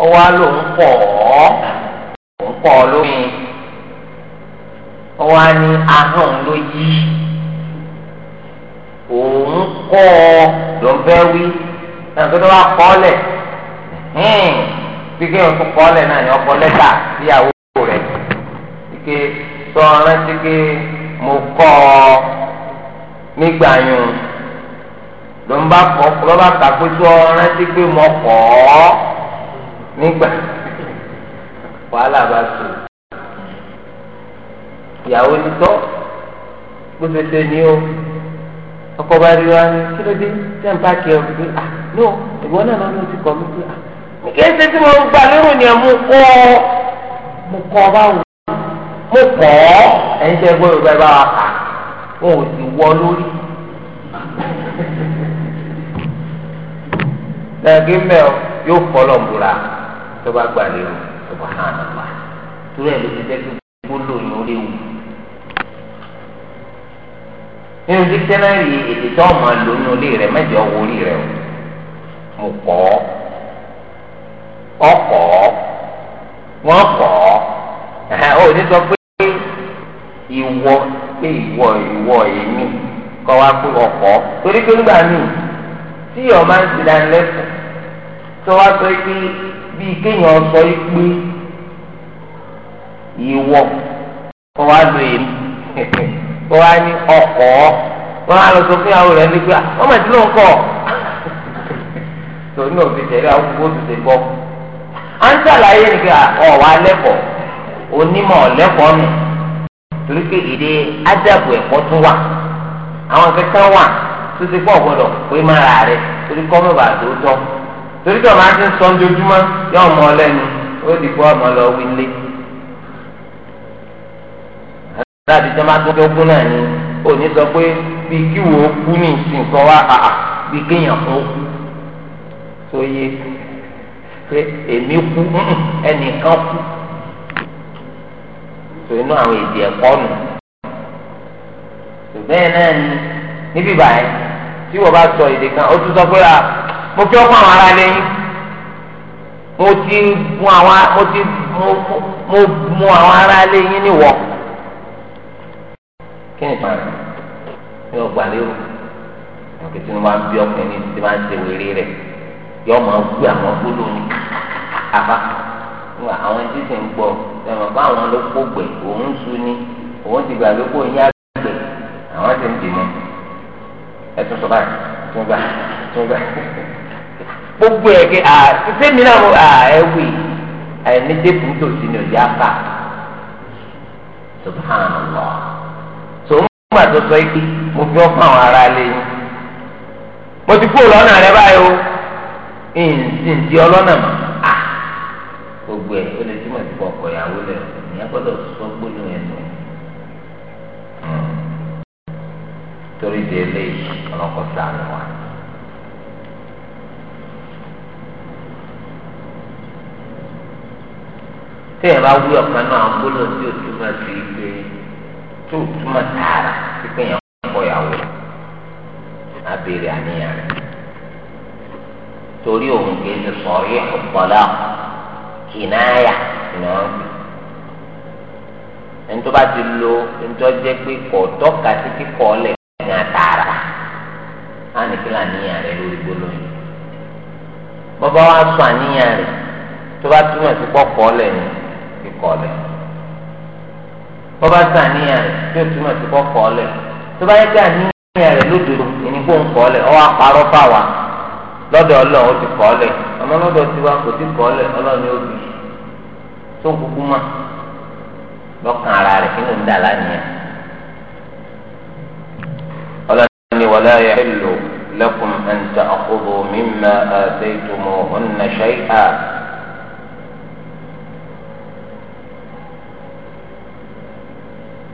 ọwọ́ á lòun kọ̀ ọ́ òun kọ́ ọ lómi ọwọ́ á ní ahọ́n ló yí òun kọ́ ọ ló ń bẹ́ẹ̀ wí náà tó wá kọ́ ọ lẹ̀ hmm. bí kéèyàn tún kọ́ ọ lẹ̀ náà ni ọkọ̀ lẹ́tà síyàwó ké tó rántí ké mo kọ́ ọ nígbà yẹn ló ń bá kọ́ ló bá kà pé tó rántí ké mo kọ́ ọ nígbà wàhálà bá tó ìyàwó ti tọ́ gbèsè ni o ọkọ bá rí wa ní kí ló dé tẹ́ ń pàkì ẹ̀ pé ah no ìwọ náà lọ́dún ti kọ́ mi pé ah kí ẹ ṣe tí mo gbà lérò ni ẹ̀ mú kọ́ ọ mo kọ́ ọ báwo mo kọ́ ọ́ ẹ̀yin tẹ́ gbọ́ yorùbá ẹ bá wa kà ó sì wọ lórí. tẹ̀gí mẹ́ọ̀ yóò fọlọ̀ múra tó bá gbà lérò tó bá hàn án wá torí ẹ̀ ló ti jẹ́ kí gbólò yóò léwu. nínú dísẹ́nárì èdè tó ọmọ lò nínú ilé rẹ̀ mẹ́jọ wo orí rẹ̀ o mo kọ́ ọkọ̀ wọ́n kọ́ ọ̀ ní sọ pé ìwọ pé ìwọ ìwọ èmi kọ́ wa kú ọkọ̀ torí pé nígbà míì tí ọ̀ máa ń ti dá lẹ́sùn tó wá sọ pé bíi kéèyàn sọ pé ìwọ kọ́ wa lò èmi kọ́ wa ní ọkọ̀ wọ́n á lọ sọ fún ìyàwó rẹ̀ nígbà wọ́n mọ̀ sí ló ń kọ́ tòun náà fi tẹ̀lé àwọn gbogbo tó ti gbọ́ à ń ṣàlàyé nìkan ọ̀wà lẹ́kọ̀ọ́ onímọ̀ lẹ́kọ̀ọ́ nù torí pé èdè ádàbò ẹ̀kọ́ tún wà àwọn kankan wà tó ti pọ̀ gbọdọ̀ pé má ra rẹ̀ torí kọ́ mọ̀ bàá tó tọ́ torí tí máa ti ń sọ ojoojúmọ́ yọ ọmọ ọlẹ́nu ó di kó ọmọ lọ wí lé láti jẹ́ máa tó tó kú náà ni òní sọ pé bí kí wò kú ní ìsìn kan wá àà bí kéèyàn kú tó yé pé èmi kú ẹnìkan kú tó inú àwọn èdè ẹ̀kọ́ nù bẹ́ẹ̀ náà ni níbí báyìí tí wọ́n bá sọ èdè kan ó tún sọ pé mo fi ọkọ àwọn ará lẹ́yìn mo ti mú àwọn mo ti mo mú àwọn ará lẹ́yìn níwọ̀ kí ni ìpàdé ní ọgbà lérò ọkẹ tí wọn bá ń bí ọkùnrin tí wọn bá ń ṣe wéré rẹ yọọ máa gbé àwọn gbólóhùn àbá fún àwọn tí sì ń gbọ́ ẹ̀mọ̀ bá àwọn ló kó gbẹ̀ òun su ni òun ti gbà ló kó yín àgbẹ̀ àwọn ti ń dìmọ̀ ẹ̀tún sọ báyìí tún gbà tún gbà gbogbo ẹ̀ kí ṣé mi náà ẹ wì ẹni dẹ́kun tó sí ni òjá ká subhanallah tó ń gbà tó sọ yìí mo fi ọ́ fún àwọn ará lẹ́yìn mo ti kú ọlọ́nà rẹ báyìí o ìǹtí ọlọ́nà mọ́ gbogbo ẹ̀ ó lè túmọ̀ sí ọkọ̀ ìyàwó lẹ̀ ìyẹn gbọ́dọ̀ sọ gbóná ẹ̀ nù. torí di eléyìí ọlọ́kọ̀ sànù wa. tí ẹ bá wí ọ̀kan náà gbóná tí ó túmọ̀ sí pé tó túmọ̀ tààrà sí pé yẹn kọ́ ìyàwó abèrè àníyàn rẹ̀ torí òun kì í ṣe sọ̀rí ọ̀pọ̀lọpọ̀ kìnnáyà ni wọ́n ń pè ntọ́ bá ti lo ntọ́ jẹ́ pé kọ̀ tọ́ka sí kíkọ́ lẹ̀ ní àtàrà á ní kí làníyàn rẹ̀ lórí gbólóyìn bọ́bá wa sọ àníyàn rẹ̀ tó bá túmọ̀ sí kọ́kọ́ lẹ̀ ní kíkọ́ lẹ̀ bọ́bá sọ àníyàn rẹ̀ tó túmọ̀ sí kọ́kọ́ lẹ̀ tó bá yẹ kí àníyàn rẹ̀ lódodo ìníkó ń kọ́ lẹ̀ ọ́ wá parọ́ fáwa. lọ́dọ̀ ọlọ́run ó ti kọ́ lẹ̀ ọmọ lọ́dọ̀ tiwa kò ti kọ́ lẹ̀ ọlọ́run ni ó bì tó kúkú mọ́ lọ́kàn ara rẹ̀ kí ló ń dà lánìyàn. ọlọ́run ni wọlé ayé wala yahillu lakum an ta'khudhu mimma ataytumuhunna shay'a.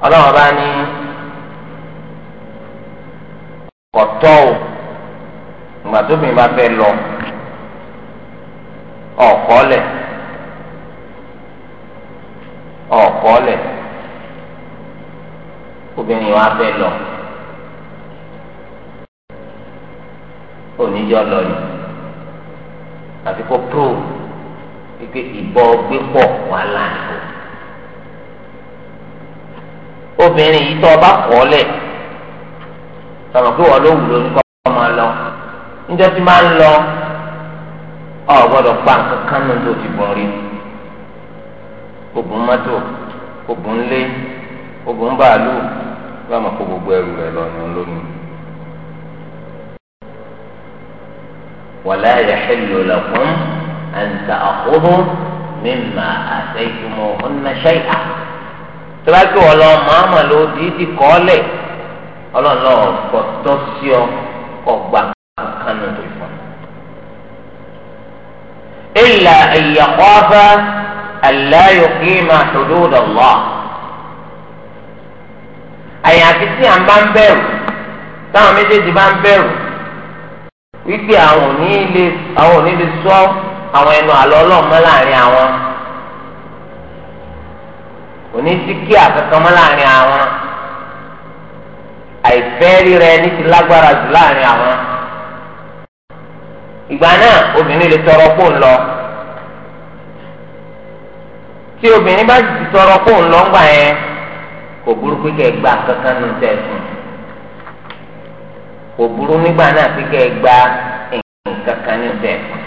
ọlọ́run bá ní kọ̀tọ́ o. ìgbà tó bìnrin bá fẹ́ lọ ọ̀kọ́lẹ̀ ọ̀kọ́lẹ̀ obìnrin wa fẹ́ lọ oníjọ lọ yìí àfi kó pro pé ìbọn gbé pọ̀ wà láàyò obìnrin yìí tó ọba kọ́lẹ̀ tọmọ pé wọ́n ló wù lónìí kọ́ ọmọ lọ níjọ́ tí máa ń lọ ọ gbọ́dọ̀ pa nǹkan kan nù tó ti bọ̀ rí ogun mọ́tò ogun lé ogun bàálù bá máa kó gbogbo ẹrù rẹ̀ lọ ní olónìí. ولا يحل لكم أن تأخذوا مما آتيتموهن شيئا tọ́lájú ọlọ́run màmá ló dídì kọ́lẹ̀ ọlọ́run lọ́wọ́ kọ́ tọ́ sí ọ kọ́ gbà kánú tó fún un. ilà ìyàkọ́fà aláyọ̀kìmà hudud Allah. àyàfi tí à ń bá ń bẹ̀rù táwọn méjèèjì bá ń bẹ̀rù wípé àwọn ò ní lè àwọn ò ní lè àwọn ẹnu àlọ́ ọlọ́mọ láàrin àwọn òní ti kí àkankan láàrin àwọn àìfẹ́ rírẹ ní ti lágbára jù láàrin àwọn. ìgbà náà obìnrin lè tọrọ kó ń lọ tí obìnrin bá ti tọrọ kó ń lọ ńgbà yẹn kò burú pé gba kankan nù tẹ̀sùn kò burú nígbà náà pé gba nǹkan kan nù tẹ̀sùn.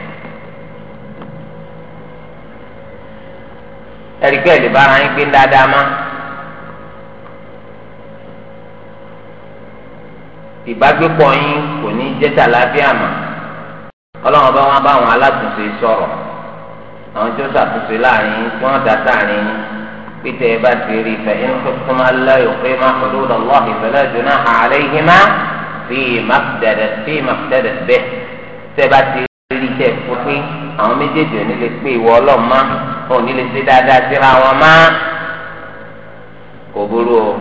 ẹ̀ríkẹ́ lè bá ara yín gbé dáadáa má. ìbágbépọ̀ yín kò ní ọlọ́run bá wọn bá àwọn alátùnṣe sọ̀rọ̀ àwọn tí ó ṣàtúnṣe láàrin yín tí wọ́n dá sáàrin yín pété ẹ bá ti rí ìfẹ́ inú tuntun aláyọ̀ pé má pẹ̀lú ọlọ́ ìfẹ́lẹ́ dùnà àárẹ̀ yìí má fi má dẹ̀dẹ̀ fi má dẹ̀dẹ̀ bẹ́ẹ̀ tẹ́ bá ti rí tẹ́ fún pé àwọn méjèèjì òní lè pé ìwọ ọlọ́run má òní lè ṣe dáadáa síra wọn má kò burú o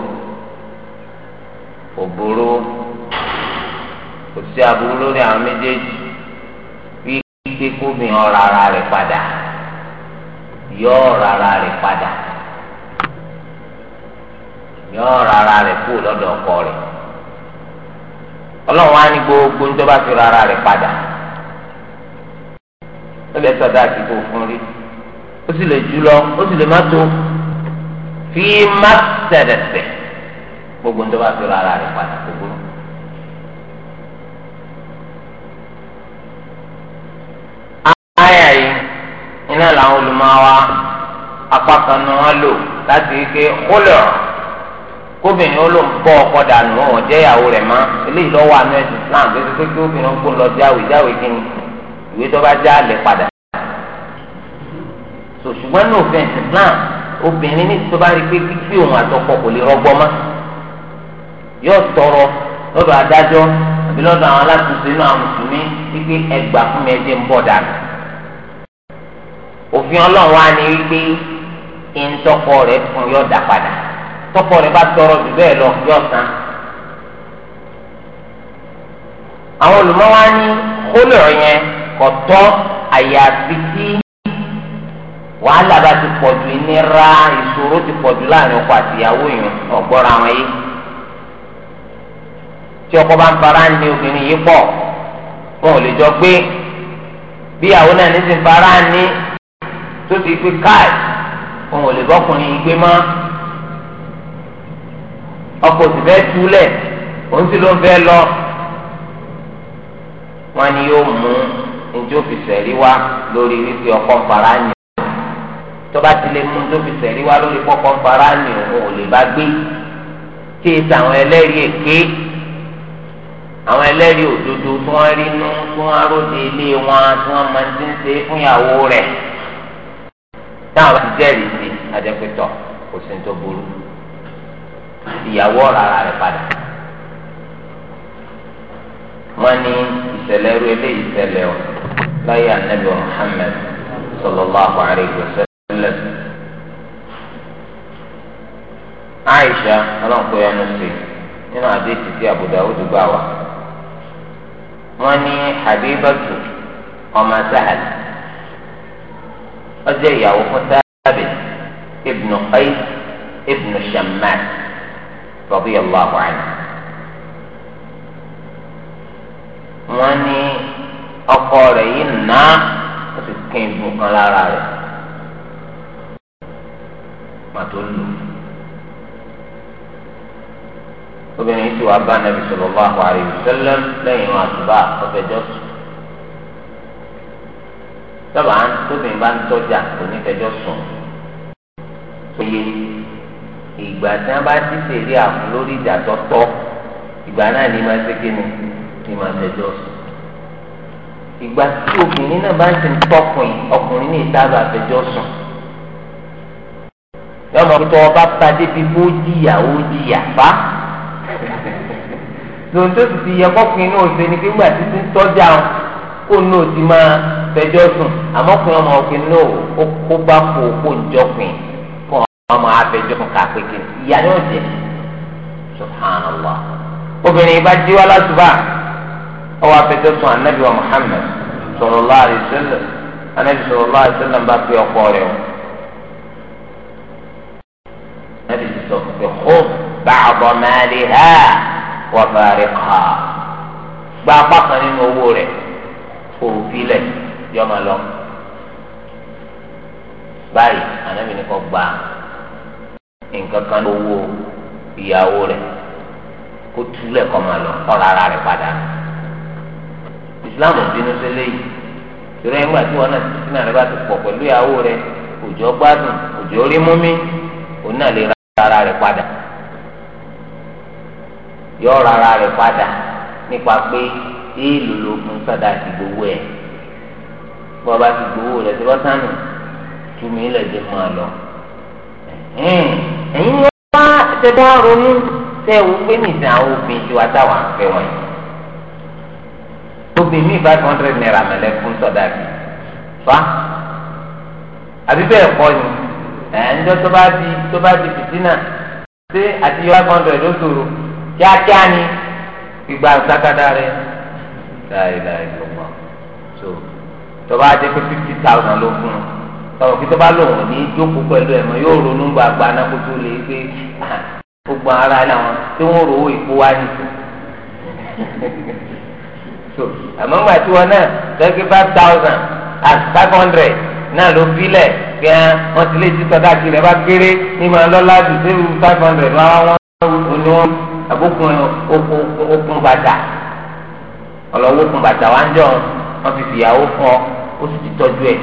kò burú kò sí aburú lórí àwọn méjèèjì pé mi ọ̀rọ̀ ara rẹ̀ padà yọ ọ̀rọ̀ ara rẹ̀ padà yọ ọ̀rọ̀ ara rẹ̀ kú lọ́dọ̀ ọkọ rẹ̀ ọlọ́run á ní gbogbo ní tó bá fi ọ̀rọ̀ ara rẹ̀ padà ó lè sọ̀dá àti fún rí ó sì lè jù lọ ó sì lè má tó fi má tẹ̀lẹ̀tẹ̀ gbogbo ní tó bá fi ọ̀rọ̀ ara padà gbogbo. náà làwọn olùmọ̀wá apákan náà wọ́n lò láti ike kólọ̀ kóbìnrin ó ló ń bọ́ ọkọ dànù ọ̀hún jẹ́ ìyàwó rẹ̀ mọ́ eléyìí lọ́wọ́ àánú ẹ̀sìn Islam tó ti pé ó kó lọ jáwé jáwé kíni ìwé tó bá já lẹ̀ padà. ṣùgbọ́n ní òfin ẹ̀sìn Islam obìnrin ní tó bá rí pé kíkí òun àtọkọ kò lè rọgbọ mọ́ òfin ọlọ́run wa ni wípé ìńtọ́kọ rẹ̀ fún yọ dà padà tọ́kọ rẹ̀ bá tọrọ jù bẹ́ẹ̀ lọ yọ san. àwọn olùmọ̀ wa ní kólọ̀ yẹn kò tọ́ àyàfi tí wàhálà bá ti pọ̀ jù ìnira ìṣòro ti pọ̀ jù láàrin ọkọ àtìyàwó yìí ọ̀gbọ́ra wọn yìí tí ọkọ bá ń fara ń ní obìnrin yìí pọ̀ wọn ò lè jọ gbé bí àwọn náà ní ti fara ń ní tó ti fi káì òun ò lè bọ́kùnrin yìí gbé mọ́ ọkọ̀ òsì fẹ́ túlẹ̀ òun sì ló ń fẹ́ lọ wọn ni yóò mú njó fi sẹ̀rí wá lórí wípé ọkọ̀ fara ni tó bá ti lè mú njó fi sẹ̀rí wá lórí pọ́kọ̀ fara ni òun ò lè bá gbé kí èsì àwọn ẹlẹ́rìí èké àwọn ẹlẹ́rìí òdodo tí wọ́n rí nú tí wọ́n aróde ilé wọn tí wọ́n máa ń ti ń ṣe fún ìyàwó rẹ̀ táwọn bá ti jẹ́rìí sí adẹ́pẹ́tọ̀ kò sí tó burú ìyàwó rárá rẹ̀ padà wọ́n ní ìṣẹ̀lẹ̀ ru eléyìí ṣẹlẹ̀ o láyé anabi Muhammad sallallahu alayhi wa sallam Aisha ọlọ́nkọ ya ló ṣe nínú àdéhùn tí Abu Dawud gbà wá wọ́n ní Habibatu ọmọ Sahal. ọjọ́ ìyàwó fún sábẹ̀ ibnu Qais ibnu Shammas radiyallahu anhu. wọ́n ní ọkọ rẹ̀ yìí nà ó sì kí n bù kan lára rẹ̀ màtó lù. obìnrin tí wàá bá nàbì sallallahu alaihi wasallam lẹ́yìn wọn àtúbà ọ̀fẹ́jọ́ sùn. sábà tóbìnrin bá ń tọ́jà onífẹ̀jọ́ sùn péye ìgbà tí wọ́n bá ti tẹ̀lé àfún lórí ìjà tọ́tọ́ ìgbà náà ni máa ṣe kíni ni máa fẹ̀jọ́ sùn ìgbà tí obìnrin náà bá ń ṣe tọkùn ọkùnrin ní ìtàbà fẹ̀jọ́ sùn yọmọ pé tọwọ bá padé bí kó jìyà ó jìyà bá lóun tó sì ti yẹ kọkùnrin náà ṣe ni pé ńgbà títí ń tọ́jà kó náà ti máa fẹjọ́ sùn àmọ́ kùn ọmọ òkè náà ó kó bá kó kó njọ́pin kó ọmọ afẹjọ́ fún kápẹ́ kiri ìyá ni ó jẹ subhanallah obìnrin bá jí wá lásùbà ọwọ́ afẹjọ́ sùn anabi wa muhammed sallallahu alaihi wasallam anabi sallallahu alaihi wasallam bá pé ọkọ rẹ̀ o anabi sọ pé kó bàbá màálí ha wà fàárẹ̀ kọ́ gba apá kan nínú owó rẹ̀ kó fi lẹ̀. jọma lọ báyìí ànábì kò gba nǹkan kan owó ìyàwó rẹ kó túlẹ̀ kọ́ lọ ọ̀rọ̀ ara padà islam bínú sílẹ̀ yìí ẹgbà tí wọn náà ti sínú àrẹ bá ti pọ̀ pẹ̀lú ìyàwó rẹ̀ òjò gbádùn òjò rí mú náà lè ra ara padà yọ padà nípa pé èèlò lóògùn sádà àti bọ́ bá ti gbowó rẹ̀ tí wọ́n sánù tú mi lẹ̀ dé máa lọ. ẹ̀yin wọ́n bá tẹ̀dá ronú tẹ̀ wọ́n pé nìsín àwọn obìnrin ju àtàwọn àfẹ́ wọn yìí. obìnrin mi five hundred naira mẹ́lẹ̀ fún sọ́dà bíi fa àbí bẹ́ẹ̀ kọ́ ni ẹ̀ẹ́dọ́ tó bá di tó bá di fìtínà ṣé àti five hundred ó ṣòro kíákíá ni gbígbà sákàdá rẹ̀ láìláì lọ́mọ́ tọba adé pé fifty thousand ló fún un tọwọ kí tọba lòun ní jókòó pẹ̀lú ẹ mọ yóò ronú gbàgbà náà kó tó lè gbé gbogbo ara ẹ làwọn tí wọn rò ó ìkó wá ní so àmọ́ gbà tí wọn náà thirty five thousand and five hundred náà ló filẹ̀ kí wọ́n ti lè ti sọ́dá kiri ẹ bá kéré ní ma lọ́la ju seven five hundred wá wọn ní wọn àbókùn okùn bàtà ọlọ́wọ́ okùn bàtà wá ń jọ wọ́n ti fìyàwó fún ọ ó sì ti tọ́jú ẹ̀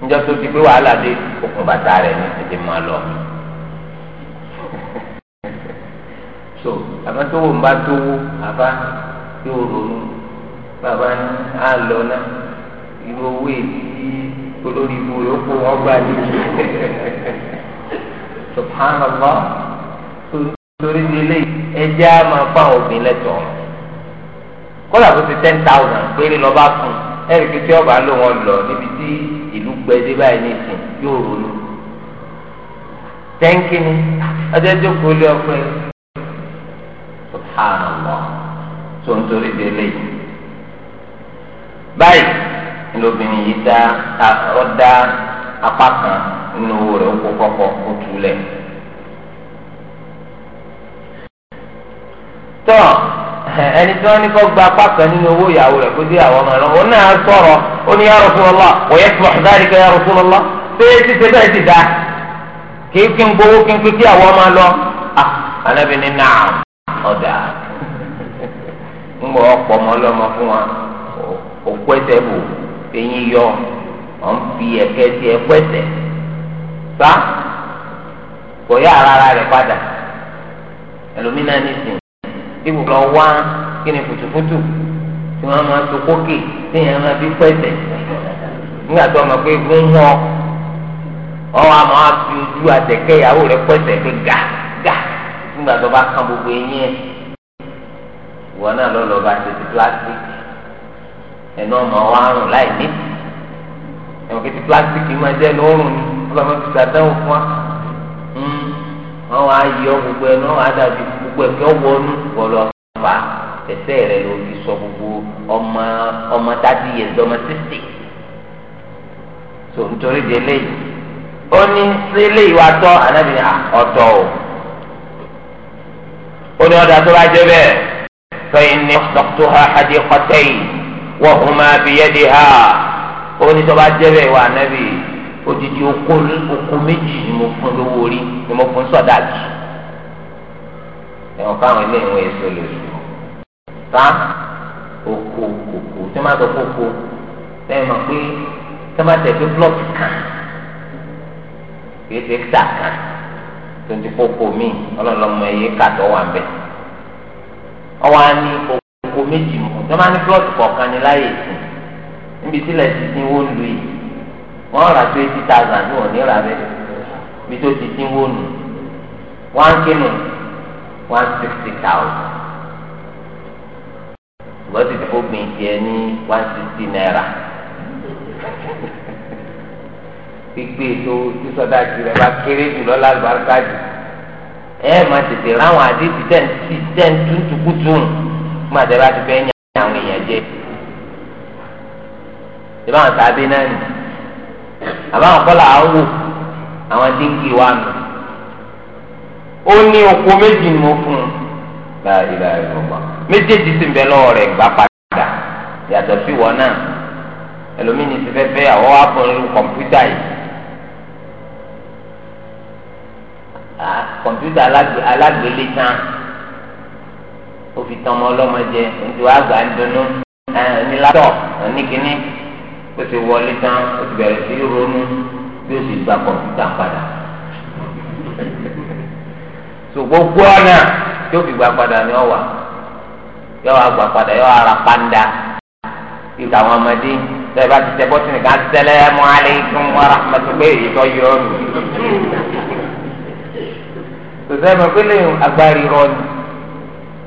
níjọ́ tó ti pé wàhálà dé okùn bàtà rẹ̀ ní tètè máa lọ. so àbá tó wò ń bá tó wò àbá o ronú bàbá ní á lọ náà irú owó èyí olórí ibu yòókù ọgbà yìí subhanallah torí délé ẹjẹ́ á máa fáwọn obìnrin lẹ́tọ̀ọ́ kọ́lá tó ti ten thousand péré lọ́ba fún ẹ̀rí pé tí ọba ló wọn lọ níbi tí ìlú gbẹ dé báyìí ní ìsìn yóò ronú. tẹ́ńkì ni ọjọ́ ìjókòó lé ọpẹ́ subhanallah tó ń torí délé yìí. báyìí lóbìnrin yìí dá ọ̀dá apá kan nínú owó rẹ̀ ó kọ́kọ́ ó túlẹ̀. tọ́ ẹni tí wọ́n ní kọ́ gba apá kan nínú owó ìyàwó rẹ̀ kó dé àwọn ọmọ rẹ̀ wọn náà sọ̀rọ̀ ó ní ya ti ṣe bẹ́ẹ̀ ah, fún wa bò yọ fi ẹ̀kẹ́ ti ẹ̀kú ẹsẹ̀ kò yá ara rẹ̀ padà ẹlòmínà nísìn ibù lọ wá kí ni fùtùfùtù tí wọ́n máa tó kókè tí yẹn máa fi pẹ́sẹ̀ nígbà tó ọmọ pé gún wọn ọwọ́ àmọ́ àfi ojú àtẹ̀kẹ́ ìyàwó rẹ pẹ́sẹ̀ pé gà gà nígbà tó bá kan gbogbo eyín ẹ̀ ìwọ náà lọ lọ bá ṣe ti ẹnu ọmọ wa rùn láì ní ẹ̀wọ̀n kí ti máa jẹ́ lórùn ni ọlọ́mọ fi ṣàtẹ́wò fún wa. Hmm wọn wá yọ gbogbo ẹ náà wá dàbí gbogbo ẹ kí ọ wọnú wọlọ fà ẹsẹ̀ rẹ ló fi sọ gbogbo ọmọ ọmọ tàbí yẹn dọmọ títì tó nítorí di eléyìí ó ní sí eléyìí wá tọ ànábì ah, ọtọ o ó ní ọdọ tó jẹ bẹ́ẹ̀ fẹyìn ní dọkítọ ha adé kọtẹ wọn kò máa di ha ó ní tó jẹ bẹ́ẹ̀ wà ànábì odidi oko oko méjì ni mo fún lówó orí ni mo fún sọdáàjì ẹ̀wọ̀n káwọn ilé ìwọ̀n èso lè sùn tá oko oko tí wọ́n máa sọ kókó lẹ́yìn mọ̀ pé tí wọ́n bá tẹ̀ pé blọọkì kan kìí ṣe kíta kan tó ti kókó míì ọlọ́lọ́mọ ẹ̀yẹ kàtọ́ wà bẹ́ẹ̀ ọwọ́ á ní oko méjì mu tí wọ́n máa ní blọọkì kọ̀ọ̀kan ní láyé ìsìn níbi tí ilẹ̀ ti dín wó lu yìí wọ́n rà tó eighty thousand ní òní rà bẹ́ẹ̀ bí tó ti dín wó nù one kilo one sixty thousand ṣùgbọ́n ti fò gbìn tiẹ̀ ní one sixty naira gbígbé tó sísọdá ju rẹ bá kéré jù lọ lálùbáríkà jù ẹ máa tètè ráwọn àdéhùn tẹ̀ǹtì tẹ̀ǹtì tuntun gbọ́dọ̀ bá ti fẹ́ yàn àwọn èèyàn jẹ ìbáwọn sábẹ́ náà nìyí àbáwọn kọ́là áwò àwọn dínkì wa nù ó ní oko méjì ni mo fún un láàrin láàrin ọgbà méjèèjì sì ń bẹ lọ́wọ́ rẹ̀ gbà padà yàtọ̀ sí wọn náà ẹlòmíní ti fẹ́ fẹ́ àwọn abọ́nrin kọ̀mpútà yìí kọ̀mpútà alágbèlé tán ó fi tán ọmọ ọlọ́mọ jẹ nítorí àgbà ń dunnú ní látọ̀ ní kínní ó ti wọlé tán o ti bẹ̀rẹ̀ sí ronú bí ó sì gba kọ̀ǹpútà padà so gbogbo ọ̀nà tí ó fi gba padà ni ọ wà yọ wá gba padà yọ ara panda ìgbà àwọn ọmọdé tẹ bá ti tẹ bọ́tìnì ká sẹlẹ̀ mọ́ aleikum wa rahmatullahi èyí tó yọ ọ́ nù sọsẹ́ mi pé lẹ́yìn agbárí rọ ni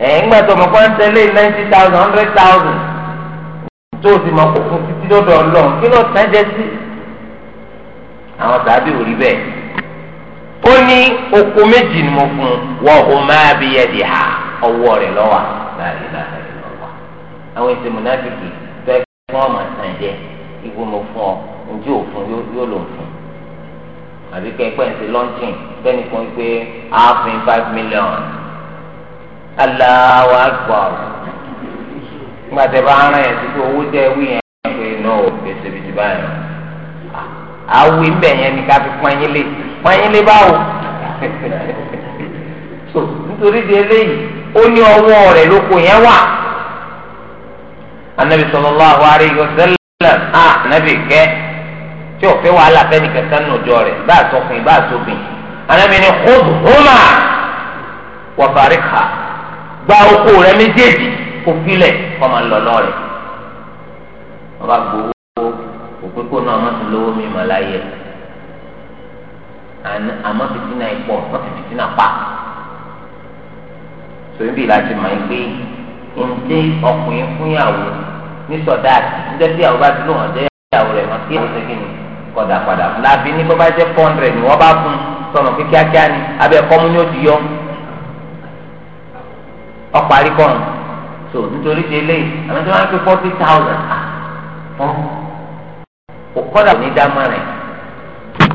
ẹ̀yìn gbàtọ̀ mọ̀ kọ́ ń tẹ́lẹ̀ ninety thousand hundred thousand tó o sì mọ̀ kó fún títí dọ́dọ̀ ọlọ́run kí ló tán jẹ́ sí. àwọn tàbí ò rí bẹ́ẹ̀. ó ní oko méjì ni mo fún un wọ́n ò máa bí ẹ̀dì ha ọwọ́ rẹ̀ lọ́wọ́ láàrin láàrin lọ́wọ́. àwọn èsì mùnáfíkì fẹ́ kí wọ́n máa tàn jẹ ibo mo fún ọ ojú òfun yóò lò fún àbí kẹ́kẹ́ ń ṣe lọ́ńtìn kẹ́ni kan pé ààfin five million Allahu Akbar gbàtẹ bá ara yẹn ti fi owó tẹ wí yẹn náà ò fi ṣe bìtì báyìí awi ń bẹ̀ yẹn ni ká fi pọ́nyínlé pọ́nyínlé báwo so nítorí di eléyìí ó ní ọwọ́ rẹ̀ lóko yẹn wà anabi sallallahu alaihi wasallam a anabi kẹ́ tí o fẹ́ wàhálà fẹ́ni kẹta nùjọ rẹ̀ bá a sọkùn bá a sọkùn anabi ni khudhuma wa barikha gba oko rẹ̀ méjèèjì kò filẹ̀ kọ́ máa lọ lọ́rẹ̀ wọn bá gbowó òpin kó náà wọn ti lówó mi mọ láyé àmọ́ fìtínà ìpọ wọn ti fìtínà pa sòwébì láti mọ pé ǹjẹ́ ọkùnrin fúnyàwó ní sọdá àti ǹjẹ́ bí àwọn bá ti lóhàn jẹ ìyàwó rẹ̀ mọ kí ẹ̀wọ̀n ṣẹ́gi ni kọ̀dà padà fún láàbí ní bó bá jẹ́ pọ́ńdrẹ̀ ni wọ́n bá fún sọ̀nà pé kíákíá ni abẹ́ kọ́mú ni ó ti yọ ọ̀parí kọ́run so nítorí ti eléyìí àmì tí wọ́n á pé forty thousand ah, wọn kò kọ́dà kò ní dámọ̀ràn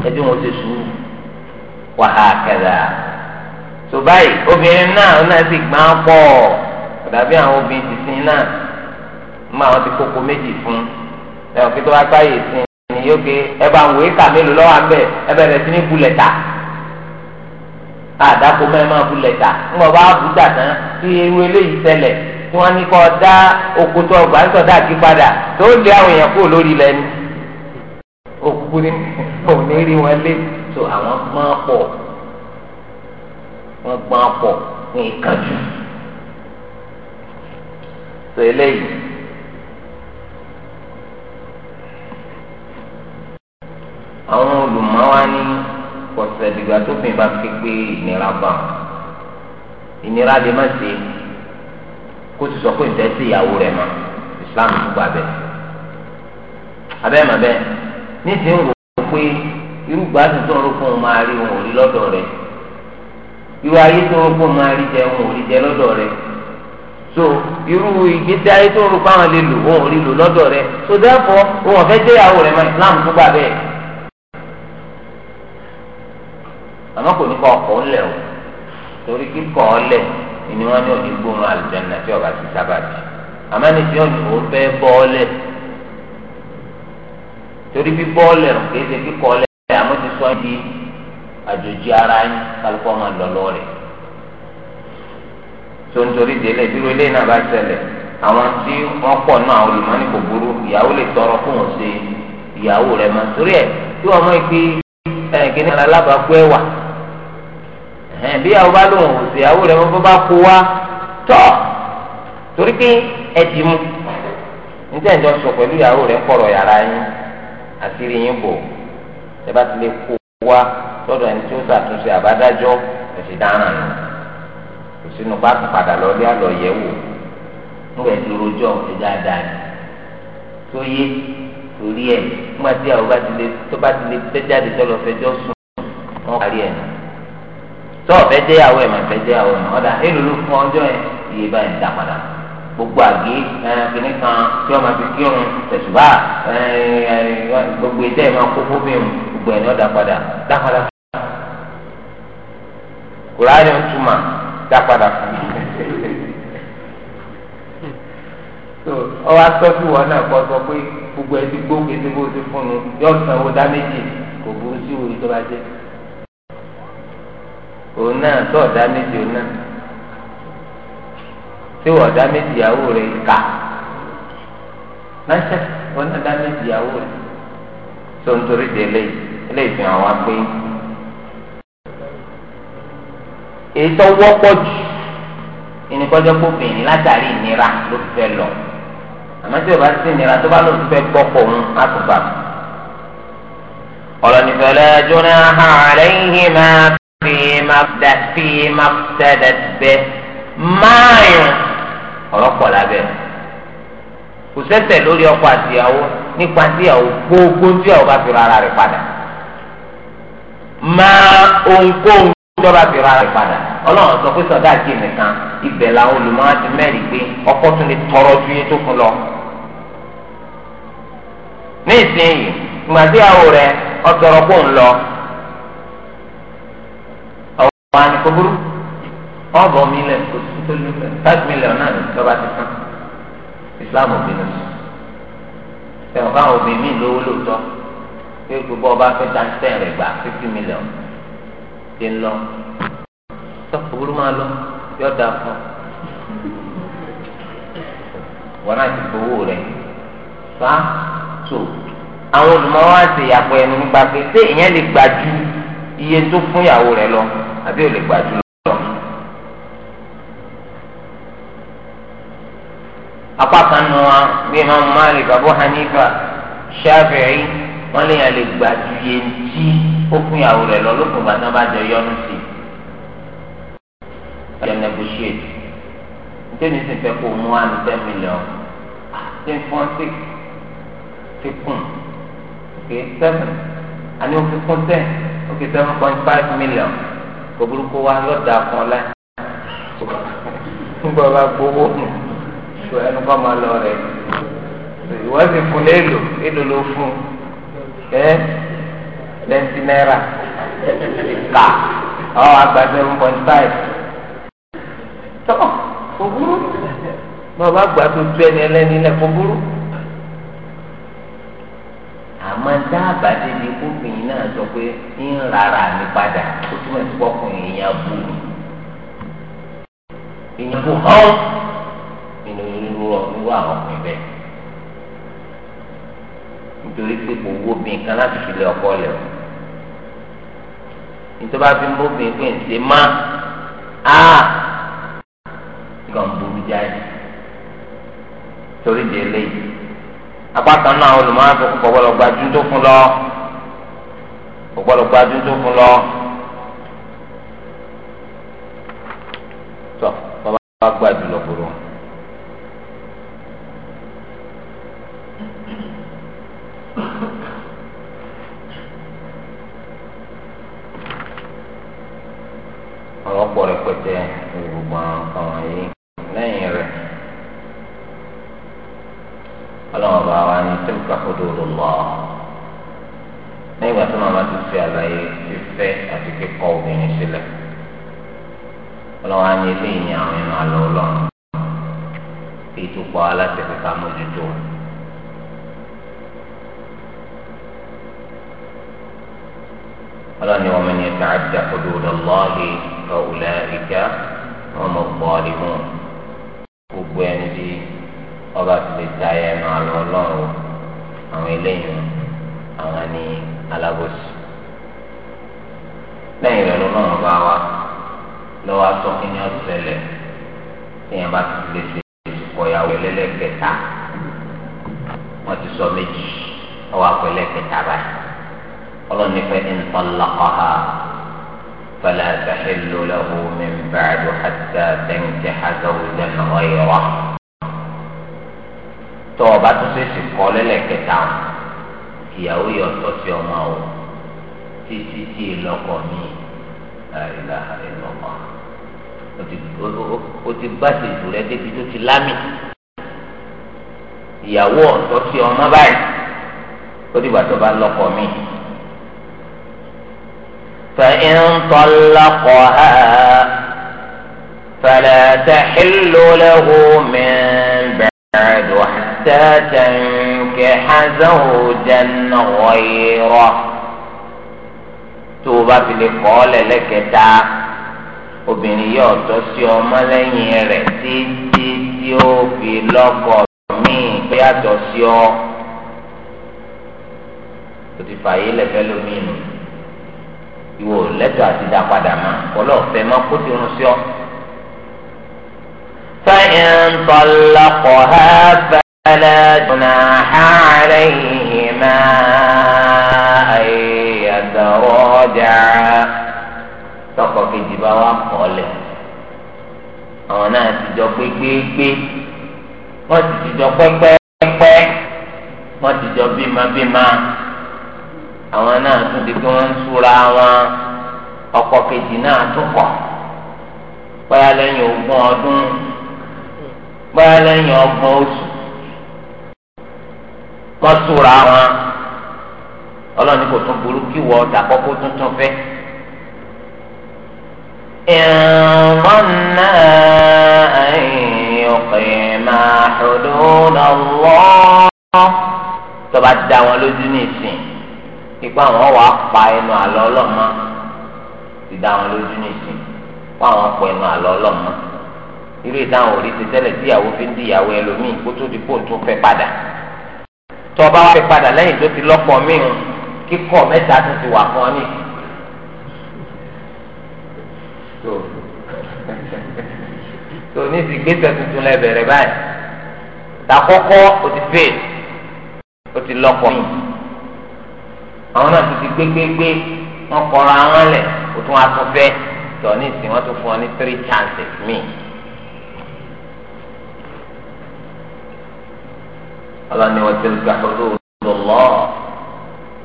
ẹbí wọn ti sùn wàhákàdà tó báyìí obìnrin náà ó náà sì gbà ń pọ̀ dàbí àwọn obìnrin ti sin náà mú àwọn ti kókó méjì fún ẹ̀wọ̀n kí tó bá gbáyè sin ní yókè ẹ bá ń wèé kà mélòó lọ́wọ́ abẹ́ ẹ bẹ̀rẹ̀ sí ní bulẹ̀ ta àdàkọ mẹ́ẹ̀ máa bulẹ̀ ta ńgbọ̀n bá bùdà tán tí irú eléyìí ṣẹlẹ̀ kí wọ́n ní kọ́ dá oko tó ọgbà ń sọ̀dá àti padà tó lé àwọn èèyàn kúrò lórí ilẹ̀ ni òkú ni òní rí wọn lé tó àwọn gbọ́n pọ̀ wọ́n gbọ́n pọ̀ ní ìkánjú tó eléyìí. àwọn olùmọ̀wá ní kọ̀sẹ̀dìgbà tó fi bá fi pé ìnira bá ìnira lè má ṣe é kó ti sọ pé ń tẹ́sí ìyàwó rẹ̀ mọ́ islam tó gba bẹ́ẹ̀. abẹ́ mọ̀ bẹ́ẹ̀ ní ti ń wò pé irú gbádùn tó ń rò fún un máa rí òun ò rí lọ́dọ̀ rẹ̀ irú ayé tó ń rò fún un máa rí jẹ òun ò rí jẹ lọ́dọ̀ rẹ̀ so irú ìgbésí ayé tó ń rò fáwọn lè lò òun ò rí lò lọ́dọ̀ rẹ̀ so therefore òun ọ̀fẹ́ jẹ́ ìyàwó rẹ̀ mọ́ islam tó gba bẹ́ẹ̀. àmọ́ kò ní kọ́ ọkọ̀ ńlẹ̀ o torí kíkọ́ ọ ni wọn ní òní gbóhùn àlùjáná tí ọba ti sábàbí àmọ́ ní tí wọn ní òun fẹ́ bọ́ọ̀lẹ̀ torí bí bọ́ọ̀lẹ̀ rùn kéde kíkọ́ lẹ̀ àmọ́ ti sọ di àjòjì ara yín kálukọ́ máa lọ lọ́ọ̀rẹ̀ tó ń torí délé dúró ilé náà bá ṣẹlẹ̀ àwọn tí wọ́n pọ̀ náà olùmọ́ni kò burú ìyàwó lè tọrọ fún òun ṣe ìyàwó rẹ̀ mọ́ torí ẹ̀ tí wọ́n mọ̀ pé ẹnìkan ní alábàákú ẹ̀wà ẹ̀ bí àwọn bá lòun ò sí àwọn rẹ̀ wọ́n bá kó wa tọ́ torí pé ẹ̀dì mu níta ìjọ sọ pẹ̀lú ìyàwó rẹ̀ ń kọ̀rọ̀ yàrá yín àṣírí yín bò ẹ bá ti lè kó wa lọ́dọ̀ ẹni tí ó ṣàtúnṣe àbádájọ́ ẹ̀sìn dáràn nù kò sínú bá padà lọ́lé àlọ́ yẹ̀ wò ńgbẹ́ dúró jọ ẹ̀dá dáa tó yé torí ẹ̀ ńgbà tí àwọn bá ti lè tó bá ti lè tẹ́jáde tọ́lọ́ fẹjọ́ sùn wọn kárí ẹ̀ nù tó ọ̀fẹ́ jẹ́ ìyàwó ẹ̀ mà fẹ́ jẹ́ ìyàwó ẹ̀ mà ọ̀dà èlòló fún ọjọ́ yẹn iye báyìí ń dà padà gbogbo àgé kìnnì kan tí ọmọ fi kírun tẹ̀sùbá gbogbo ìjẹ́ ìmọ̀ kókó bíi gbogbo ẹ̀ ní ọ̀dà padà dá padà fún un. kùránì ń túmọ̀ dá padà fún un. ọwọ́ atọ́jú wọn náà kọ́ sọ pé gbogbo ẹ ti gbókè tí kò ti fún un yóò sanwó dá méjì kò burú sí òye tó bá jẹ́ òun náà tó ọ̀dá méjì òun náà tí wọ́n ọ̀dá méjì ìyàwó rẹ̀ kà láṣẹ wọn náà dá méjì ìyàwó rẹ̀ tó ń torí de lé lé fi hàn wá pé èyí tó wọ́pọ̀ jù ìnìkọ́jọ́ kóbìnrin látàrí ìnira ló fẹ́ lọ àmọ́ tí o bá sí ìnira tó bá lọ fẹ́ gbọ́pọ̀ òun á tún bá a. قال فلا جناح عليهما fíìmà fíìmà tẹ̀lẹ̀ bẹ́ máàyàn ọ̀rọ̀ pọ̀ lábẹ́ kò sẹ́sẹ̀ lórí ọkọ àtìyàwó nípa tíyàwó gbogbo tíyàwó bá fi rárá rẹ̀ padà máa ohunkóhun tó bá fi rárá rẹ̀ padà ọlọ́run sọ pé sọdá àti nìkan ibẹ̀ làwọn olùmọ̀ọ́ ti mẹ́rin pé ọkọ tún lè tọrọ ju iye tó fún lọ. ní ìsinyìí ìgbà tíyàwó rẹ̀ ọ̀tọ̀rọ̀ wọn á ní kó burú wọn bọ̀ mílíọ̀nù kò tó lù fẹ́ five million náà ní ìjọba ti tán Islam obìnrin sùn ẹ̀wọ̀n káwọn obìnrin míì lówó lóòótọ́ pé gbogbo ọba fẹ́ transfer rẹ̀ gba fifty million ṣe ń lọ tó kó burú máa lọ yọ da fún wọn náà ti gbowó rẹ̀ fa so àwọn olùmọ̀ wa ti yàgbọ́ ẹnu nípa pé ṣé ìyẹn lè gbà ju iye tó fún ìyàwó rẹ̀ lọ àbí ò lè gbà jù lọ. apá kan nù wa bí imam malik abu hanifa shafi'i wọn lè yàn lè gbà ju iye tí ó fún ìyàwó rẹ̀ lọ lókun bàtà bá jẹ yọnu sí i. ọjọ́ negotiate nítorí sì fẹ́ kó mú àmì ten million ten ah, point six fi kún ok seven àní òfin kún ten ok seven point five million kò burúkú wa lọ́dà kan lẹ́ nígbà bá gbowó nù tó ẹnu kọ́ máa lọ rẹ̀ ìwọ́n sì fún lélo lélo ló fún ẹ lẹ́ńtì náírà ìka ọ̀ àgbà seven point five tó kò burú bàbá àgbà tó tu ẹni ẹlẹ́ni lẹ̀ kò burú àmọ́ dábàá débi kófìyìn náà sọ pé ń rárá mi padà ó túmọ̀ sí pọ́kùnrin èèyàn bù mí. èèyàn bù hán nínú irú irú àwọn ọkùnrin bẹ́ẹ̀. nítorí pé kò wó bí nǹkan láti fi lé ọkọ lẹ̀ o. nítorí bá fi ń bóbin pé ń ṣe má á nǹkan burú jáde torí délé yìí apákan náà olùmọ̀ràn tó kún gbọ́dọ̀ gbajú tó fún lọ gbọ́dọ̀ gbajú tó fún lọ. tọ́ bàbá wa gbajú lọ fún wọn. ọ̀rọ̀ pọ̀ rẹpẹtẹ gbogbo àwọn kan wọ̀nyí. ọlọ́run bá wa ní tilka hududullah nígbà tí màmá ti fi àlàyé fífẹ́ àti kíkọ́ obìnrin sílẹ̀ ọlọ́run á ní ilé ìyìn àwọn ẹnu àlọ́ ọlọ́run kí ìtúpọ̀ aláṣẹ kíkà mójútó. ọlọ́run ni waman yata'adda hududallahi fa ulaika humu ọba ti lè ta ẹnu àlọ́ ọlọ́run àwọn eléyìí àwọn ní alábòsí lẹ́yìn rẹ̀ lọ́lọ́run bá wa lọ́wọ́ aṣọ kí ni ọ̀sẹ̀lẹ̀ téèyàn bá ti lè ṣe ìsìnkọ̀yàwó ẹlẹ́lẹ́kẹta wọ́n ti sọ méjì ọwọ́ akọ̀ẹ́lẹ́kẹta báyìí ọlọ́run ní fẹ́ ń tọ́lákọ̀ọ́ فلا تحل له من بعد حتى تنكح زوجا غيره tọ́ ọba tó fèsì kọ́ lẹ́lẹ́kẹta ìyàwó yọ ọ̀tọ̀ sí ọmọ o títí tí ìlọ́kọ mi àìlà ìlọ́kọ o ti gbàsè jù rẹ débi tó ti lámì ìyàwó ọ̀tọ̀ sí ọmọ báyìí ó dìgbà tó bá lọ́kọ mi. فإن طلقها فلا تحل له من بعد حتى حتى تنكح زوجا غيره tó o bá fi lè kọ́ ọ lẹ́lẹ́kẹta obìnrin yóò tọ́ sí ọmọ lẹ́yìn rẹ̀ títí tí ó fi lọ́kọ míì pé àtọ̀ sí ọ o ti fààyè lẹ́fẹ́ lómi nù ìwò lẹ́tọ̀ àti dá padà mọ́ ọlọ́ọ̀fẹ́ mọ́ kó ti rún sí ọ. فإن طلقها فلا جناح عليهما أن يتراجعا tọkọ kejì bá wà kọlẹ àwọn náà ti jọ pépépé wọn ti ti jọ pẹpẹpẹ wọn ti jọ bímabíma àwọn náà tún di pé wọn ń súra wọn ọkọ kejì náà tún kọ báyà lẹ́yìn ogún ọdún báyà lẹ́yìn ọgbọ̀n oṣù kọ́ tóra wọn ọlọ́ni kò tún burú kí wọ́n dà kọ́kọ́ tuntun fẹ́. ìrànlọ́nà ìyókèémà hudud Allah tọ́ba dá wọn lójú ní ìsìn ipa àwọn wà á pa ẹnu àlọ́ ọlọ́mọ ti dá wọn lójú ní ìsìn pa àwọn pọ̀ ẹnu àlọ́ ọlọ́mọ irú ìdáhùn orí ti tẹ́lẹ̀ tíyàwó fi ń díyàwó ẹlòmíì kó tó di kó tó fẹ́ padà tọba wa fi padà lẹ́yìn tó ti lọ́pọ̀ míì hmm. kíkọ mẹ́ta tó ti wà fún ọ ní. tó ní ti gbèsè tuntun lẹ bẹ̀rẹ̀ báyìí takọ́kọ́ o ti fèèd o ti lọ́pọ̀ míì àwọn náà ti ti gbégbégbé wọn kọra àwọn lẹ o tún wá tún fẹ́ tọ́ ní ìsìn wọn tún fún ọ ní three chances míì. ọlọ́ni wọ́n ti gbà hudud Allah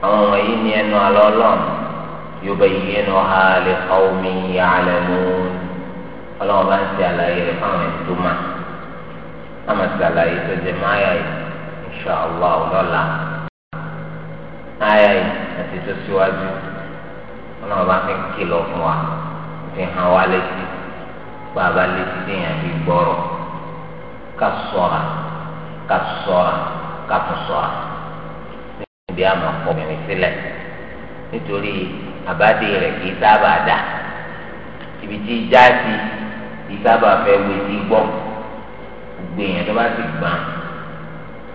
àwọn wọ̀nyí ni ẹnu àlọ́ ọlọ́run yubayyinuha li qawmin ya'lamun ọlọ́run bá ń ṣe àlàyé rẹ̀ fáwọn ẹni tó máa àmà ṣe àlàyé tó jẹ mọ́ àyà yìí insha ọlọ́la àyà yìí àti tó síwájú ọlọ́run bá fi kìlọ̀ fún wa fi hàn wá létí bàbá létí déyàn bí gbọ́rọ̀ ká sọ̀rọ̀. kàtó sọ́ra kàtó sọ́ra níbi àmọ́ ọkùnrin sílẹ̀ nítorí àbádé rẹ̀ kì í sábà ibi tí jáde kì wé gbɔ gbìyànjú tó bá ti gbà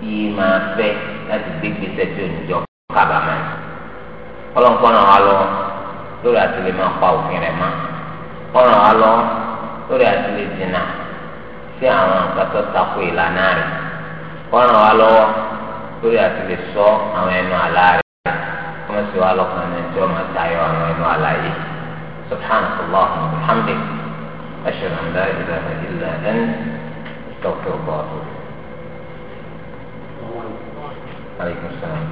yìí máa láti gbé gbèsè kábàámà wa lọ lórí máa òfin rẹ̀ mọ́ wa lọ lórí sí àwọn kọ́ràn wa lọ́wọ́ lórí àti lè sọ àwọn ẹnu àlá rẹ̀ kí wọ́n sì wá lọ́kàn ní ẹjọ́ máa tayọ àwọn ẹnu àlá yìí subhanahu wa alhamdulilayi ashhadu an la ilaha illa anta astaghfiruka wa atubu aleykum salaam.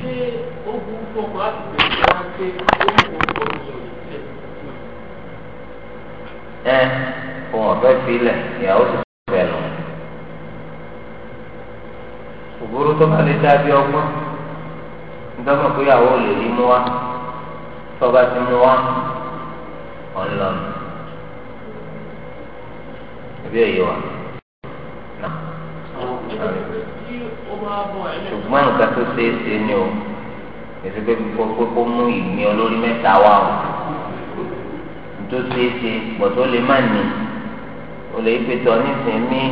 ṣé ó fún ọkọ̀ láti bẹ̀rẹ̀ láti pé ó ń kó ọkọ̀ sílẹ̀. ẹ fún ọ̀fẹ́ filẹ ìyàwó sì fẹ́ lọ. òbúrú tó bá lè dábí ọgbọ́n nítorí pé ìyàwó lè rí mú wa tọ́ba ti mú wa ọ̀nlọ́nù. ẹbí ẹ̀yẹ wa nà. ṣùgbọ́n nǹkan tó ṣeé ṣe ni o èsì pé kó mú olórí mẹ́ta tó ṣeé ṣe gbọ̀tọ́ lè má nì o lè fi tọ́ nísìnyí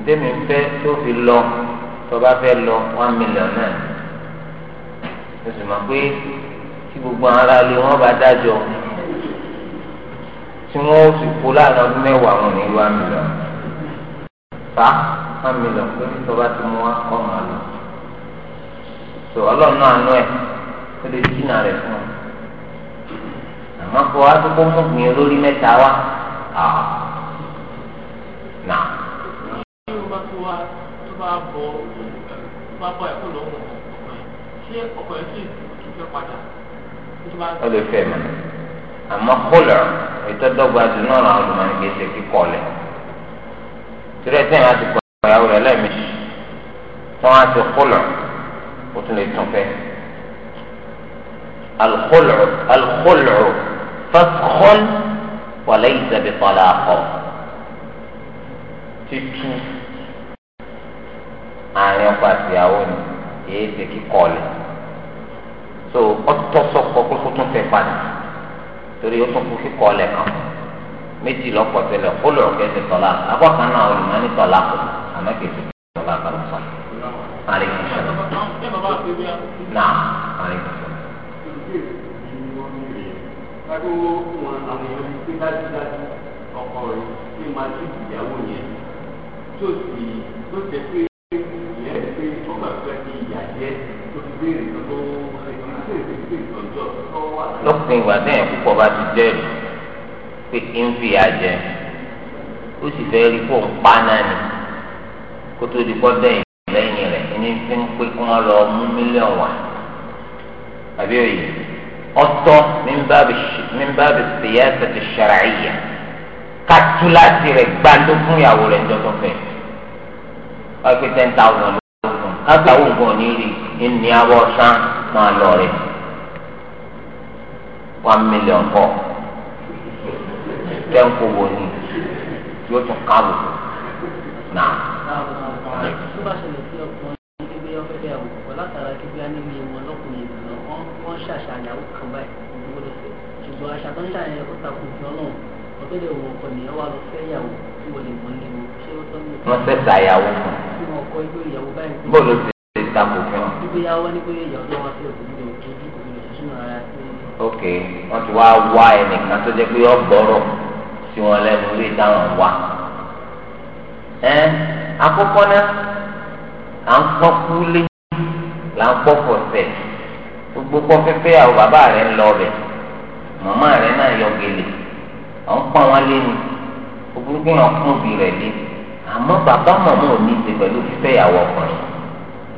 ntẹ́mi fẹ́ tó fi lọ tó bá fẹ́ lọ one million náà o sì mọ̀ pé tí gbogbo ara lé wọn bá dájọ́ tí wọn ó sì kó láàrin ọdún mẹ́wàá wọn ní one million fa one million pé tó bá ti mú wa kọ́ màá lọ tó ọlọ́run náà nú ẹ̀ ó lè dínà rẹ̀ fún ọ àmọ́ kó wá tó kó mú gbìn olórí mẹ́ta wá. nà. ṣé o bá tó wá tó bá bọ̀ tó bá bọ̀ ẹ̀kọ́ lọ́wọ́ ọkọ̀ yẹn ṣé ọkọ̀ yẹn sì tún fẹ́ padà? ó lè fẹ́ mọ́ àmọ́ kólọ̀ ètò dọ́gba dùnú ọ̀rọ̀ àwọn ọmọ nìgbè ṣe kíkọ́ lẹ̀ tirẹ̀ tí wọ́n ti kọ́ ìyàwó rẹ̀ lẹ́ẹ̀mejì tí wọ́n ti kólọ̀ ó tún lè tún fẹ́ alukólọ̀ alukólọ̀ faskhun wa laysa bi talaqo títú àárín ọkọ àti ìyàwó ni èyí ṣe kíkọ lẹ so ọtọsọkọ kó tó tún fẹ́ padà torí ó tún kú kíkọ lẹ kan méjì lọ́pọ̀ tẹ́lẹ̀ ó lọ kẹ ṣe tọlá abọ kan náà olùmọ ní tọlá kù àmọ́ kì ṣe tọlá kan sọ. Aleykum kájú wo wọn àwọn èèyàn ti pé dájúdájú ọkọ rẹ̀ ṣé máa ti ìyàwó yẹn tó sì tó jẹ́ pé ìyẹn pé ọgbà pẹ́ ti ìyà jẹ́ tó ti béèrè tó lópin ìgbà tẹ̀yìn púpọ̀ bá ti jẹ́rìí pé kí n fi àjẹ ó sì fẹ́ rí pò ń pa náà ni kó tó di gbọ́dọ̀ ìlẹ́yìn rẹ̀ ní fi ń pé kí wọ́n lọ mú mílíọ̀nù wá àbí òye ọ̀tọ̀ min babi siyasati shar'iyya katulasi rẹ gbàndó fún ìyàwó rẹ njọtọ fẹ ọgbẹ ten thousand lọgbọn kágbàwó nǹkan níri ìní abọ sàn máa lọ rẹ one million kọ kẹ́ńkó wo ni yóò tún káwò náà. àtọ́ńtà yẹn ó takò fún ọlọ́run ọ̀tọ́ lè wọ ọkọ nìyẹn wà lọ fẹ́ yàwó tí wọ́n lè mọ ní o ṣé ó tọ́ ní. wọ́n fẹ́ ta ìyàwó fún. bí wọn kọ ìyàwó báyìí. bó ló ti lè takò fún ọ. ibi yàwó ni pé ìyàwó tó wá sí òkú mi ò tójú kò lè sún ara sí. ok wọn ti wá wá ẹnìkan tó jẹ pé ó gbọ́rọ̀ sí wọn lẹ́nu lè dáhùn wá. ẹ àkọ́kọ́ náà à ń kọ́ kúlé là ń kọ́ fọ̀fẹ́ gbogbo kọ́ fẹ́fẹ́ màmá rẹ náà yọ gèlè ọ̀ ń pọ́n wọn lé ni oburúkú yẹn fún òbí rẹ̀ dé àmọ́ bàbá màmá ò ní í ṣe pẹ̀lú fífẹ́yàwó ọkùnrin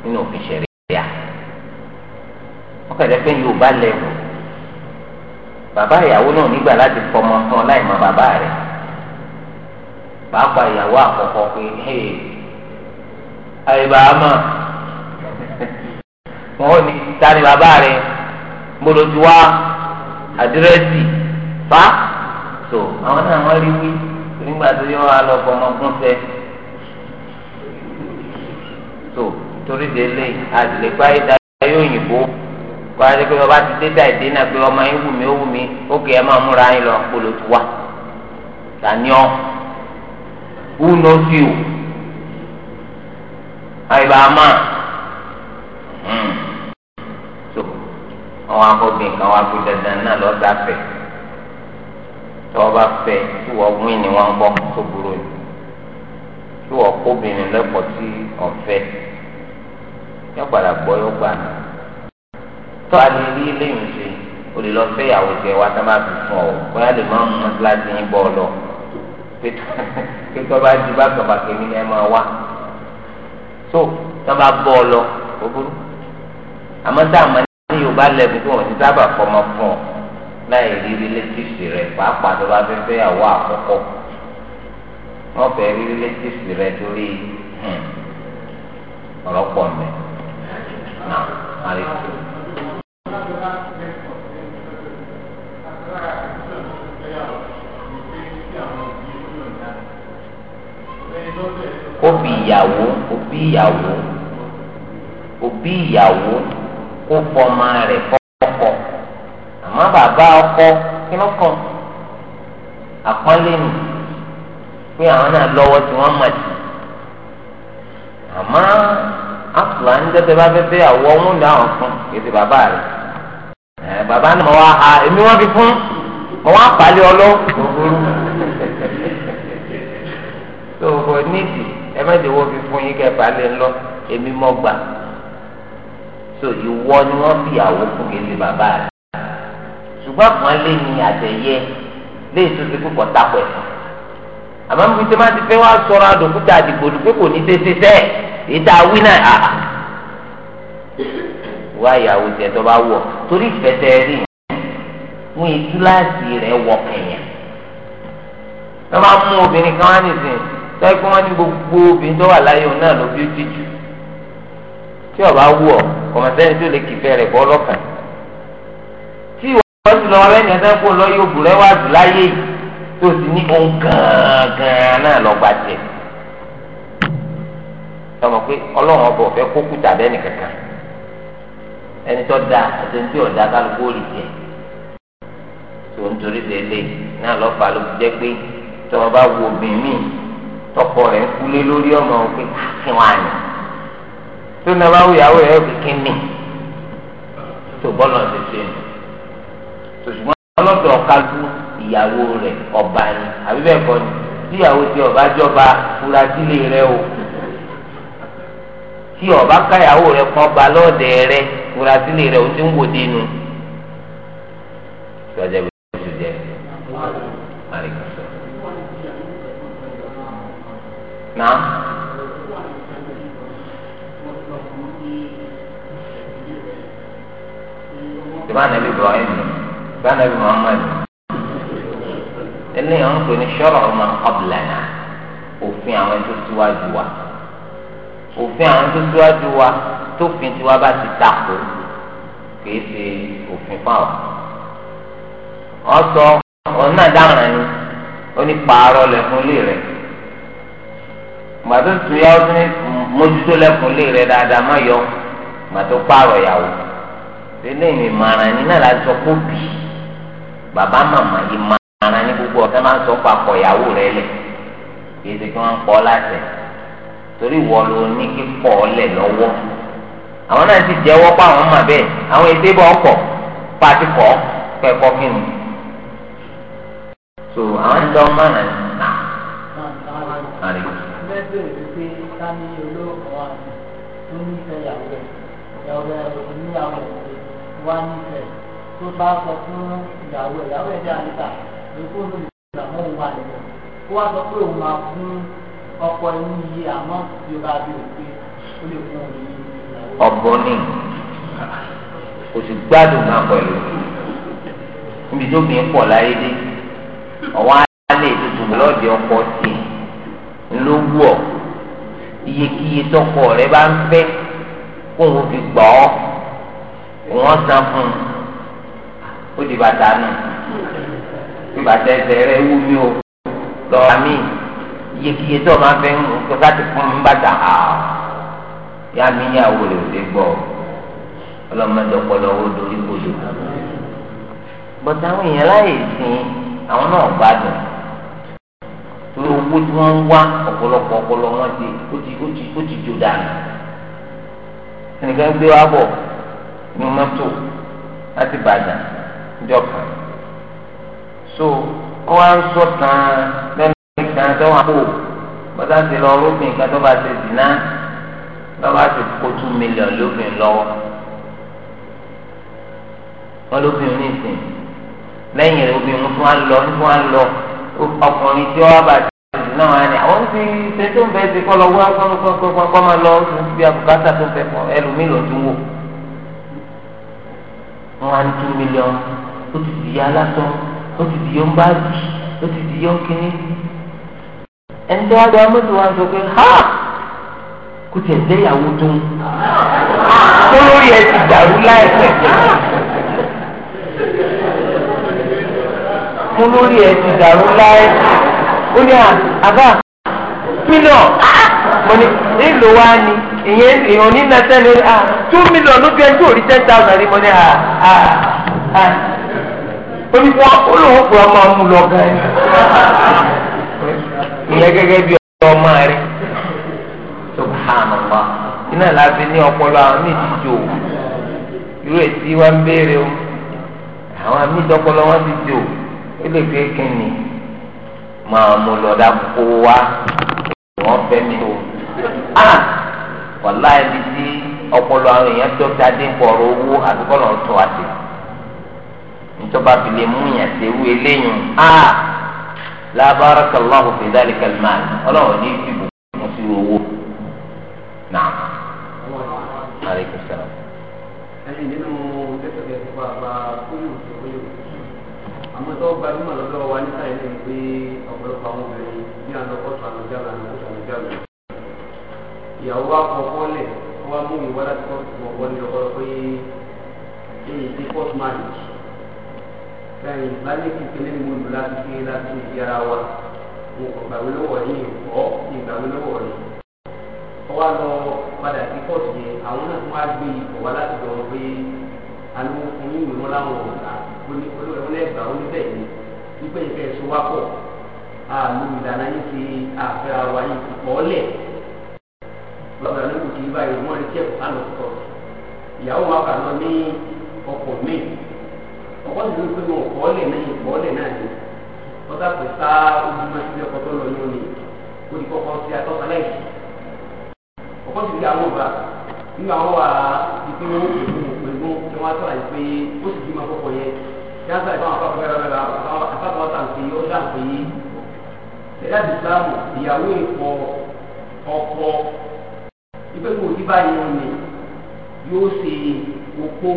nínú òfin ṣẹ̀rí ìyá wọ́n kẹ̀lẹ́ pé Yorùbá lẹ́wọ̀ bàbá ìyàwó náà nígbà láti fọmọ fún ọ láì mọ bàbá rẹ̀ pàápàá ìyàwó àkọ́kọ́ pé hey àyèbá àmà wọ́n ní ta bàbá rẹ̀ mo àdírẹ́sì fa so àwọn náà wọ́n rí wí nígbà tó yọ wá lọ fọmọkún fẹ́ so torí délé àdìlẹ́pá ìdá yóò yìnbó kó a lè pé bàbá ti dé dáì dé náà pé ọmọ yín wù mí ó wù mí ó kì í máa múra yín lọ kpolo tó wà tàníọ́ who knows you àyè bàá máa. Hmm àwọn abọ́bìn kan wá pé dandan náà lọ́ọ́ dáfẹ́ tí wọ́n bá fẹ́ tí wọ́n wín ni wọ́n ń bọ́ tó burú ni tí wọ́n kóbìnrin lẹ́kọ̀ọ́ tí ọ̀fẹ́ yóò padà gbọ́ yóò gbà ní. tó a lè rí léyìn ṣe o lè lọ fẹ́ ìyàwó jẹ wá tá a máa fi fún ọ bóyá lè máa mú mọ́tíláṣí yín bọ́ ọ lọ pé tó bá di bá tọ̀bà kẹ́mi ẹ máa wá tó tó bá bọ́ ọ lọ ó burú àmọ́ tá a máa bá lẹ́bi tí wọ́n ti sábà fọmọ fún ọ láì rí relatives rẹ̀ pàápàá tó bá fẹ́ fẹ́ àwọ̀ àkọ́kọ́ wọ́n fẹ́ rí relatives rẹ̀ torí hmm, ọ̀rọ̀ mẹ́ náà má òbí ìyàwó òbí ìyàwó òbí ìyàwó ó pọ ọmọ rẹ̀ kọ́kọ́ àmọ́ bàbá ọkọ kí ló kàn àpọ́nlé nù pé àwọn náà lọ́wọ́ tí wọ́n mà jù àmọ́ àpùlà ń dẹ́tẹ́ bá fẹ́ fẹ́ àwọ̀ ọ̀hún ní àwọn fún ètò bàbá rẹ̀ ẹ̀ bàbá náà mọ̀ wá ha èmi wọ́n fi fún mọ̀ wá pàálí ọlọ́ òhuru tó o nídìí ẹ mẹ́tẹ̀ẹ́wọ́ fi fún yín kẹ́ pàálí ńlọ èmi mọ̀ gbà so ìwọ ni wọ́n fi àwọ fún kéde bàbá rẹ̀ ṣùgbọ́n kan lé ní àtẹ̀yẹ lé ètò ti kú kọ́tà pẹ̀ àmọ́ níbi tí wọ́n ti fẹ́ wá sọ̀rọ̀ àdókúta àdìgbò dùn pé kò ní tètè tẹ́ ìta wí náà àà wá ìyàwó tẹ̀ tó bá wọ̀ torí ìfẹ́tẹ́ rí wọn ìtúláàsì rẹ̀ wọ̀ kẹ̀yìn wọ́n máa mú obìnrin kan wá nìsín tọ́ ẹ pé wọ́n ní gbogbo obìnrin tó wà láyé òun náà ló bí ó ti jù tí ọba wù ọ ọmọ sẹni tó lè kìfẹ rẹ bọ lọkàn tí ìwọ ti lọ rẹ yẹn sẹpọ lọ yóò bù rẹ wá jù láyé yìí tó sì ní ohun gangan náà lọ gbà jẹ ọmọ pé Ọlọ́run ọba ọfẹ kó kùtà bẹni kankan ẹni tó da àti ẹni tí ò da kálukú ò lè jẹ tó ń torí lélẹ̀ náà lọ ló jẹ pé tí wọn bá obìnrin mi rẹ ń kú lórí ọmọ òfin ah, kí wọn àná tó ní abáwò ìyàwó ẹ̀ kíni tó bọ́lọ̀ ti ṣe nù tòṣùgbọ́n ọlọ́dọ̀ ọ̀kadù ìyàwó rẹ̀ ọba ni àbí bẹ́ẹ̀ kọ́ ni tí ìyàwó ti ọba jọba fura sílé rẹ o tí ọba káyàwó rẹ kan ba lọ́ọ̀dẹ rẹ fura sílé rẹ o ti ń wò dénú. Ìjọba ìbí oṣù jẹ. ìbá nàbí Ibrahim ìbá nàbí Muhammad eléyàn ń pè ní sọ̀rọ̀ ọmọ ọ̀bìlànà òfin àwọn tó síwájú wa òfin àwọn tó síwájú wa tófin tiwa bá ti takò kìí ṣe òfin fáwọn ọsọ ọ̀nà dáhùn ni ó ní pààrọ̀ lẹ́kùn lé rẹ̀ gbàdúrà tó yá ó ní mójútó lẹ́kùn lé rẹ̀ dáadáa má yọ gbàdúrà pààrọ̀ yàwó eléyìí ni ni náà la sọ kó bì bàbá màmá yìí màrán ni gbogbo ọ̀sẹ̀ máa ń sọ fún akọ̀yàwó rẹ lẹ̀ kí ẹsẹ̀ kí wọ́n kọ́ láṣẹ torí wọ́n ló ní kíkọ́ ọ̀lẹ̀ lọ́wọ́ àwọn náà ti jẹ́wọ́ pa àwọn mà bẹ́ẹ̀ àwọn ètè bọ́ ọkọ̀ pàtí kọ́ kẹ́kọ́ kí ni so àwọn ń dán màrán ni nà. Thank you wá nífẹ̀ẹ́ tó bá sọ fún ìyàwó ìyàwó ẹ̀dẹ́ àníkà èkó ló lè gbà mọ́ òun wà nínú kó wá sọ pé òun máa fún ọkọ inú iye àmọ́ tí o bá bí òfin ó lè fún òun ní ìyàwó. ọ̀bọ ni kò sì gbádùn náà pẹ̀lú níbi tó bìí pọ̀ láyé dé ọ̀wọ́n á lè tuntun lọ́ọ̀dẹ̀ ọkọ̀ tì ló wù ọ́ iyekíye tọkọ rẹ bá ń fẹ́ kóun fi gbà ọ́ wọ́n san fún un ó di bàtà nù bí bàtà ẹsẹ̀ rẹ̀ wú mi o lọ́ra mi iyekíye tó o máa fẹ́ mú kó sáà ti fún mi bàtà á yá mi ní àwọn olè òde gbọ́ ọlọ́mọdé ọpọlọ owó dorí kodò bọ́tà àwọn èèyàn láyè sìn àwọn náà gbádùn torí owó tí wọ́n ń wá ọ̀pọ̀lọpọ̀ ọpọlọ wọn ti ó ti ó ti ó ti jò dànù ẹnìkan gbé wá bọ̀ ní mọ́tò láti bàjá níjọ́ kan so ó wá ń sọ tán lẹ́nu ìgbà tó wà kó bọ́dá ti lọ rúbìn kan tó bá ti dìná lọ́wọ́ àti kó two million lóbìn lọ́wọ́ wọ́n lóbìn ní ìsìn lẹ́yìn rẹ̀ obìnrin fún wa lọ ní fún wa lọ ọkùnrin tí wọ́n bá ti náà wá ní àwọn ti ṣe tó ń bẹ́ẹ̀ ti kọ́ lọ wá kọ́ máa lọ bí abùkátà tó fẹ́ kọ́ ẹlòmíì ló tún wò wọn wá ní two million ó ti di alásọ ó ti di yọ̀ǹ báàgì ó ti di yọ̀ǹ kínní. ẹni tó wá dé ọmọ sọ pé ha kò tiẹ̀ jẹ́ ìyàwó tó ń tó lórí ẹ ti dàrú láìpẹ́ mo lórí ẹ ti dàrú láìpẹ́ ó ní àbá pínọ̀. mo ní nílò wa ni ìyẹn èèyàn ní nàṣẹ ni ah, two million ló gbé tó rí ten thousand rí ah ah ah olóhùn kò ọmọ ọmú lọ gan ìyẹn gẹ́gẹ́ bí ọmọ iná láti ní ọpọlọ ah wàlá ibi tí ọpọlọ àwọn èèyàn tó ta dé owó àdúgbòlò tó àti níjọba fi lè mú yàn sí ewu eléyìí ah lábára kàlọ́hùn fi dálé kẹlẹ́mà ọlọ́run ní ìbò fún sí owó náà. ìyàwó wa kọ fọ́lẹ̀ wọ́n wá mú ìwé láti kọ́ ọ̀pọ̀ ní ọ̀pọ̀ pé èyí ti port marriage kẹyìn ìbálẹ̀ kékeré ni mo lò láti fi láti fi ara wa mo kọ̀ gbàgbé lọ́wọ́ ní ìkọ́ ní ìgbàgbé lọ́wọ́ ní. ọwọ́ lọ padà sí port yẹn àwọn náà tún wá gbé ipò wá láti lọ pé alówó fún ìwé wọn láwọn ọ̀gá olóògbà oníbẹ̀ yìí wípé ìfẹ́ ìṣòwò pọ̀ àmì ìlànà yìí ti àfẹ́ ara yìí kọ́ lẹ̀ lọ́dọ̀ ní kùtù yìí báyìí wọ́n lè tí ẹ̀kọ́ kánò kọ́ ìyàwó wa kà lọ ní ọkọ̀ míì ọkọ̀ sì ní pé wọn kọ́ ọ̀lẹ̀ náà yìí kọ́ ọ̀lẹ̀ náà ni wọ́n sá pé sá ojúmọ́ sí ọkọ̀ tó lọ lónìí ó di kọ́kọ́ sí atọ́ka láì ọkọ̀ sì ní àwọn ọba nígbà wọn wà ìpinnu ògbóngbó ni wọn sọ̀rọ̀ pé ó sì bímọ kọ́kọ́ yẹ yàtọ̀ ìfọwọ́n àpapọ̀ ẹ̀rọ ẹ̀rọ àpapọ̀ ọ̀tàǹpé ó dàǹpé yìí ẹ̀dá ìsìlámù ìyàwó ìfọ ọkọ̀ ìpè kò yí báyìí wọn ni yóò ṣe òpó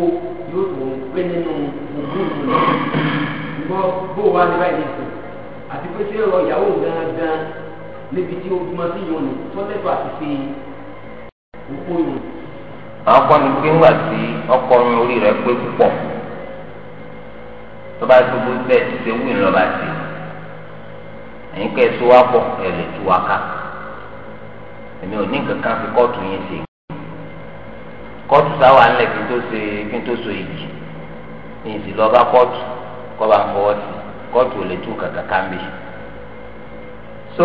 yóò tó ń pé nínú òkú òkú lọ gbọ́ bó wà ní báyìí nìkan àti pé tí ẹ̀rọ ìyàwó gangan níbi tí ó gbọ́n sí yòó ni tọ́lẹ́tọ̀ àti fi òpó yòó. àwọn kọ́ni pé ńgbà tí ọkọ orin orí rẹ̀ pé púpọ̀ tó bá tó bó bẹ́ẹ̀ ti ṣe wí ńlọ́ba sí ẹ̀yin kẹ́ ẹ̀ tó wá pọ̀ ẹ̀ lè tú wa ká èmi ò ní nǹkan kan fi kóòtù yẹn ṣe kóòtù sáwà ńlẹ̀ kí n tó ṣe kí n tó so èyí ní ìsì bá kóòtù kó fọwọ́ sí kóòtù ò lè tú kàkà kánbì so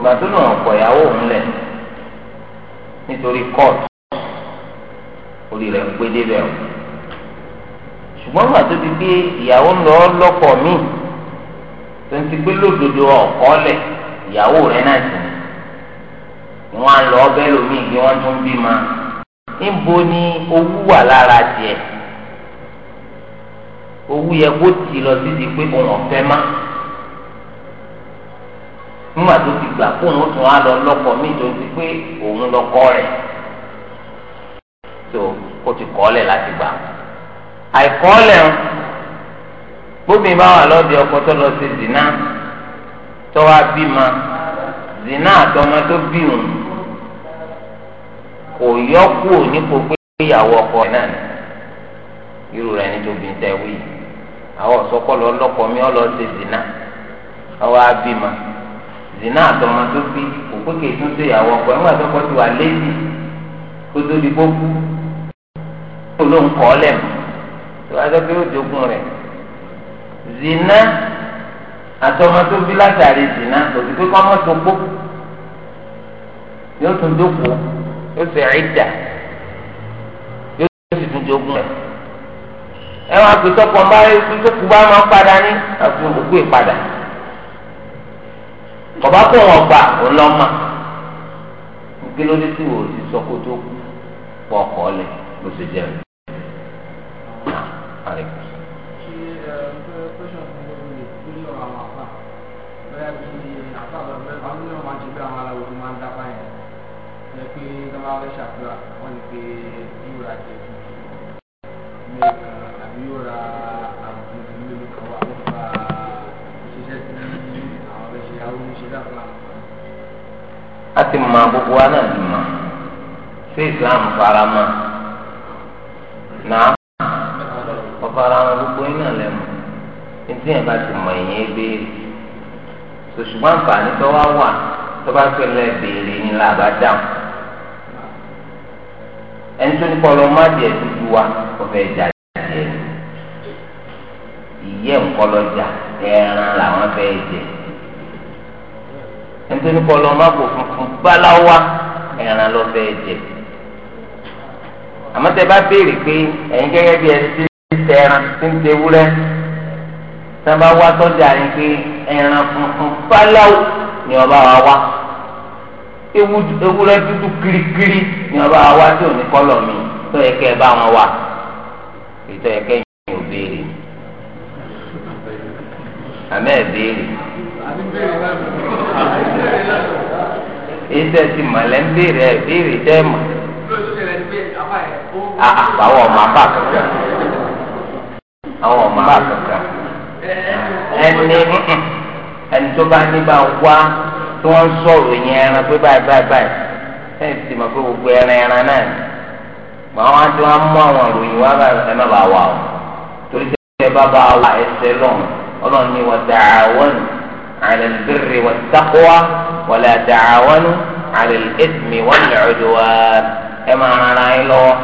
gbàdúrà ọ̀pọ̀ ìyàwó ńlẹ̀ nítorí kóòtù orí rẹ̀ ń pé débẹ̀ o ṣùgbọ́n gbà tó di pé ìyàwó ń lọ lọ́pọ̀ míì tó ń ti gbé lódodo ọ̀kọ́ lẹ̀ ìyàwó rẹ̀ náà sì ní. wọn á lọ ọbẹ̀ lómi ìgbé wọn tún bí ma níbo ni owó wà lára owó yẹ lọ sí di pé òun ọ̀fẹ́ má nígbà tó ti gbà kó òun tún á lọ lọ́kọ mí tó ti pé òun lọ́kọ rẹ̀ tó kó ti kọ́ láti gbà zina tó wá bí ma zina àtọmọ tó bí kò yọ kúrò nípò pé ìyàwó ọkọ ị náà irú rẹ̀ ní tóbi tẹ wí àwọn ọ̀sọ́kọ́ lọ mi lọ zina ọwọ́ abima zina àtọmọ tó bí kò pé kì ìyàwó ọkọ ẹ̀ ń ti wà léyìí kó tó di kó ló ń kọ́ zina àtọmọ tó bí zina tó yóò ṣe ìdà yóò sì tún jogún rẹ̀ ẹ wá pè sọpọ bá ìsókù bá máa padà ní àti òkú ìpadà ọba kó wọn gbà ọlọ́mà kí ló dé tí wò ó ti sọ kó tó pọ̀ ọkọ̀ ọ̀lẹ̀ ló ṣe jẹ́ a ti mọ gbogbo wa náà ti mọ sí islam farama náà ọfarama gbogbo yín náà lẹ mọ etí yẹn bá ti mọ èyàn ebéèrè sòṣùgbọ́n àǹfààní tó wá wà tó bá pẹ́ lẹ́ béèrè ni là bá dáhùn ẹni tó ní kọlọ má jẹ dúdú wa ọbẹ̀ ìjà jẹ ìyẹ́ ńkọlọjà ẹran làwọn fẹ́ jẹ nítorí kọ́ lọ má bò funfun báláwa ẹran lọ fẹ́ jẹ àmọ́ tẹ bá béèrè pé ẹ̀yin gẹ́gẹ́ bí ẹni tí ń tẹran tí ń tewúrẹ́ tí wọ́n bá wá tọ́jà yín pé ẹran funfun báláwo ni ọba wa wá ewúrẹ́ dúdú kirikiri ni ọba wa wá tí ò ní kọ́lọ̀ mi tó yẹ kẹ́ ẹ bá wọn wá ètò yẹ kẹ́ yín ò béèrè àmẹ́ béèrè. ìṣe ti mọ̀lẹ́ ń béèrè ẹ̀ béèrè jẹ́ mọ̀. àwọn ọmọ apá kankan àwọn ọmọ apá kankan ẹni ẹni tó bá ní bá wá tí wọ́n sọ̀rọ̀ yẹn ẹran pé báyìí báyìí báyìí ẹ̀ ti mọ̀ pé gbogbo ẹran ẹran náà mọ̀ àwọn àti wọn mú àwọn ìròyìn wá ẹ má wà o torí bá bá wà ẹsẹ̀ ọlọ́run ni mm, mm. eh, wọ́n eh, wọ́n على البر والتقوى ولا تعاونوا على الإثم والعدوان كما أنا له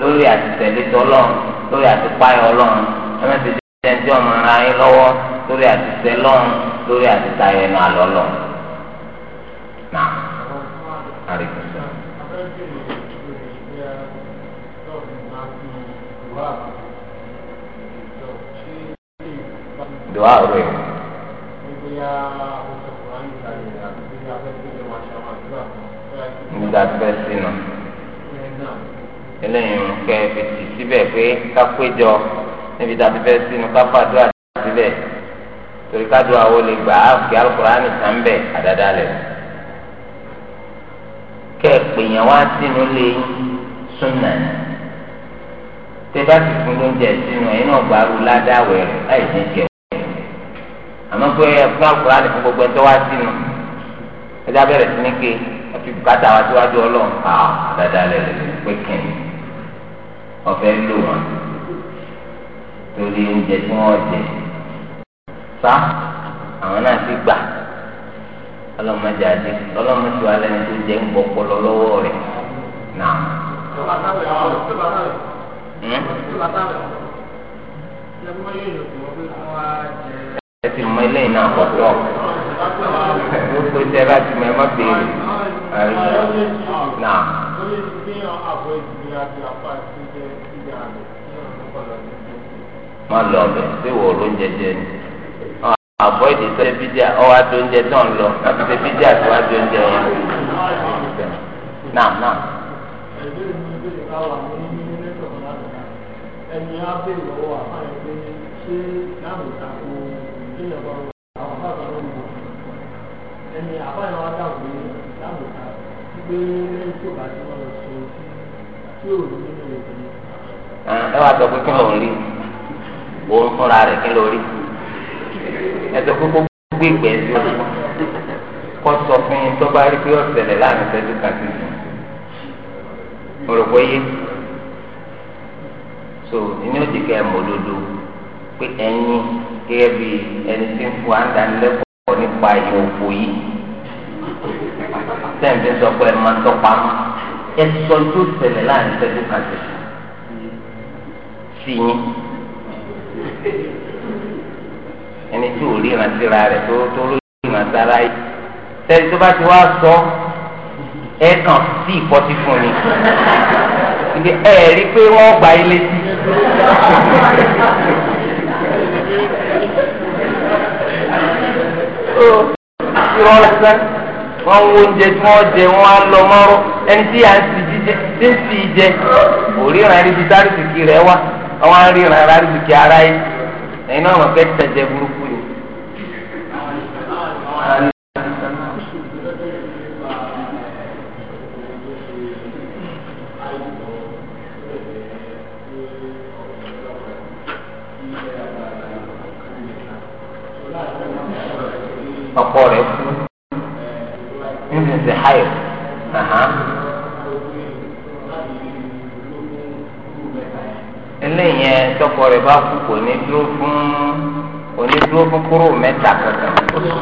lórí àtìtẹ̀lẹ́tọ̀ ọlọ́run lórí àtìpáyọ̀ ọlọ́run ẹ má ti jẹ́ ẹni tí ọmọ ara yín lọ́wọ́ lórí àtìtẹ̀ lọ́run lórí àtìtayọ̀ ẹnu àlọ́ lọ. Náà àríkùsọ. Dùwà rẹ̀ o. nígbà tí bẹ́ẹ̀ sí nà kẹ́ ẹ síbẹ̀ pé kápéjọ níbi tá a ti fẹ́ sínú kápádó àtìlẹ̀ torí kádó àwọn olè gbà á fi alukurani tán àdáda lẹ̀ kẹ́ ẹ pèèyàn wá sínú lé súnà tẹ́ bá ti fún lóúnjẹ sínú láì àmọ́ pé ẹ̀fún àkùrá ni fún gbogbo ẹ̀ tó wá sínú ẹ̀dá bẹ̀rẹ̀ sí ní ké àti bùkátà wá síwájú ọlọ́run à dáadáa lẹ̀ pé kìnnì ọ̀fẹ́ lò wọ́n torí oúnjẹ tí wọ́n jẹ sá àwọn náà ti gbà ọlọ́mọdé àti ọlọ́mọdé wa lẹ́nu tó jẹ́ ń gbọ́ pọlọ lọ́wọ́ rẹ̀ náà. Hmm? ẹ ti mọ eléyìí náà kọtọ gbogbo tẹ bá ti mọ ẹ má béèrè náà. má lọ ọbẹ tí wò ló ń jẹjẹ ni àbọ̀ èdè sẹ́lẹ̀ bíjà ọwọ́ adó oúnjẹ tó ń lọ láti ṣe bíjà tó wá adó oúnjẹ yẹn. náà náà. ẹni á bèèrè lọ́wọ́ àná ẹni ẹ wá sọ pé kí ló rí òun fúnra rẹ̀ kí ló rí ẹ sọ pé kó gbé ìgbẹ́ sí kó sọ fún yín tó bá rí pé ọ̀sẹ̀lẹ̀ láàrin ìṣẹ́jú kan mo rò pé yé so ìní ò ti pé ẹ̀yin gẹ́gẹ́ bí ẹni tí ń fún àdánilẹ́kọ̀ọ́ nípa ìyẹn òfò yìí tẹ́ǹtì sọ pé ẹ máa tọ́pa ẹ sọ tó tẹ̀lé láàrin tẹ́tù kàtẹ́ sí yín ẹni tí ò rí ìrántí ra rẹ̀ tó tó ló rí ìrántí ara yìí tẹ́ǹtì tó bá ti wá sọ ẹ kàn sí ìfọ́tí fún mi ibi ẹ̀ẹ́rí pé wọ́n gba ilé sí. irọ́ lásán wọ́n ń wo oúnjẹ tí wọ́n jẹ wọ́n á lọ mọ́rọ́ ẹni tí à ń sì jíjẹ tí ń sì jẹ òríran ríbi tárísìkì rẹ̀ wá àwọn aríran rárísìkì ara yìí ẹ̀yin náà mọ̀ pé tẹ̀jẹ̀ burúkú ni. ọkọ rẹ̀ kú nínú ìsìn háyò eléyìí yẹn tọkọ rẹ̀ bá kú kò fún fún kúrò kankan oṣù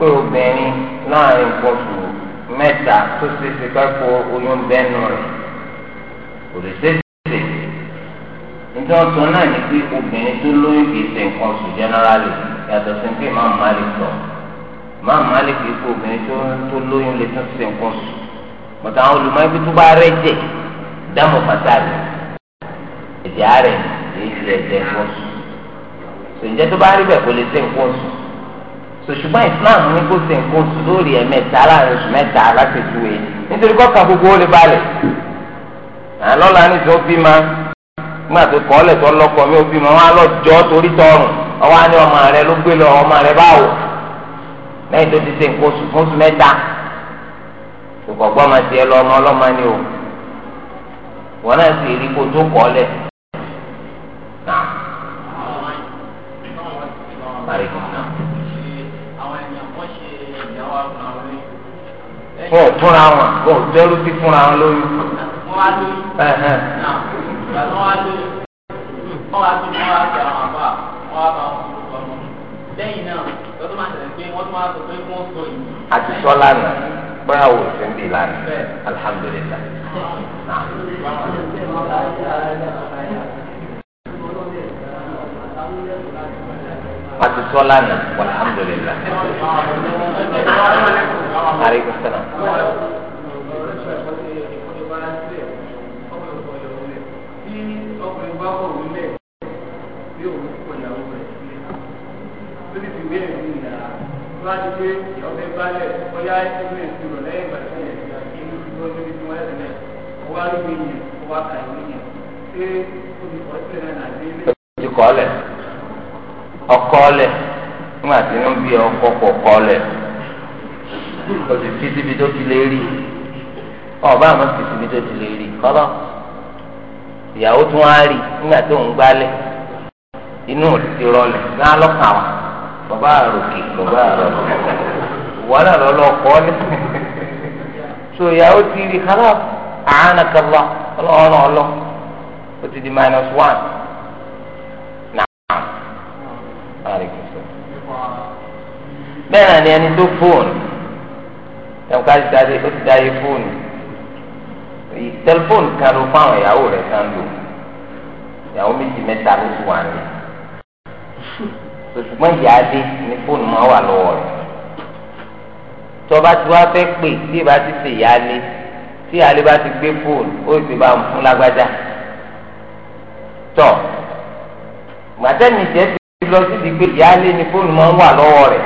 pé obìnrin láàrin gbọ̀sù mẹ́ta tó ṣeéṣe kápọ̀ oyún bẹ́ẹ̀nù rẹ̀ kò lè ṣeéṣe. nítorí wọn sọ náà ní pé obìnrin tó lóyún kìí ṣe nǹkan oṣù jẹ́nẹ́rálì yàtọ̀ sí pé máa má lè sọ máa má lè fi kó obìnrin tó lóyún lè tún ṣe nǹkan oṣù. bàtà àwọn olùmọ̀ ibi tó bá rẹ̀ jẹ̀ dámọ̀ pàtàkì ẹ̀jẹ̀ àárẹ̀ èyí ti rẹ̀ jẹ́ nǹkan oṣù. ṣèǹjẹ́ tó bá rí bẹ̀ kò lè ṣe nǹkan oṣù sòṣùgbọ́n Islam ní kó ṣe nǹkan oṣù lórí ẹ̀mẹ́ta láàrin oṣù mẹ́ta aláṣẹjúwe nítorí kọ́kàn gbogbo ó lè balẹ̀ àlọ́lá ní sọ bí ma nígbà tó kọ́ ọ̀lẹ̀ tó lọ́kọ̀ mi ò bí ma wọn á lọ jọ́ torí tọrùn ọwọ́ á ní ọmọ rẹ ló gbé lọ ọmọ rẹ báwò lẹ́yìn tó ti ṣe nǹkan oṣù fún oṣù mẹ́ta kò gbọ́ ma tiẹ̀ lọ ọmọ ọlọ́mọ ni o wọn náà sì rí kó tó kọ́ ọ̀lẹ̀ náà. wọn ò fúnra wọn wọn ò dẹrú sí fúnra wọn lóyún. wọn wá lóyún. náà ìgbà tí wọn wá lóyún wọn wá tún wọn wá sí àwọn àbá wọn wá bá wọn fún ọmọ lẹ́yìn náà lọ́dún máa tẹ̀lé pé wọ́n tún wá sọ pé kí wọ́n sọ yìí. àti sọ lánàá bóyá o sì ń di lánàá alihamudulilayi. àti sọ lánàá alihamudulilayi aleykum salaam. Ojúkọ́ lẹ̀ ọkọ́ lẹ̀ nígbà tí wọ́n bí ọkọ̀ kọ̀ kọ́ lẹ̀ kò sì fi síbi tó ti lè rí ọba àmọ́ sì síbi tó ti lè rí kọ́lọ́ ìyàwó tún á rí nígbà tó ń gbálẹ̀ inú ti rọlẹ̀ náà lọ́kàn wa bàbá àròkè bàbá àròkè wàhálà lọ́lọ́kọ́ ni so ìyàwó ti rí kálá àánà kálá ọlọ́ọ̀nà ọlọ́ ó ti di minus one náà ẹni tó fóònù ẹ̀wọ̀n ká ti da yé ó ti da yé fóònù tẹlifóònù kan ló fáwọn ìyàwó rẹ̀ kan lò ìyàwó méjì mẹ́ta ló ti wà ní. ṣùgbọ́n ìyá adé ni fóònù máa wà lọ́wọ́ rẹ̀ tọba tí wàá fẹ́ pè tí ìbá ti ṣe ìyá alé tí ìyá alé bá ti gbé fóònù ó sì bá ń fún lágbájá tọ gbàtẹ́ni jẹ́ ti lọ sí ti gbé ni fóònù máa wà lọ́wọ́ rẹ̀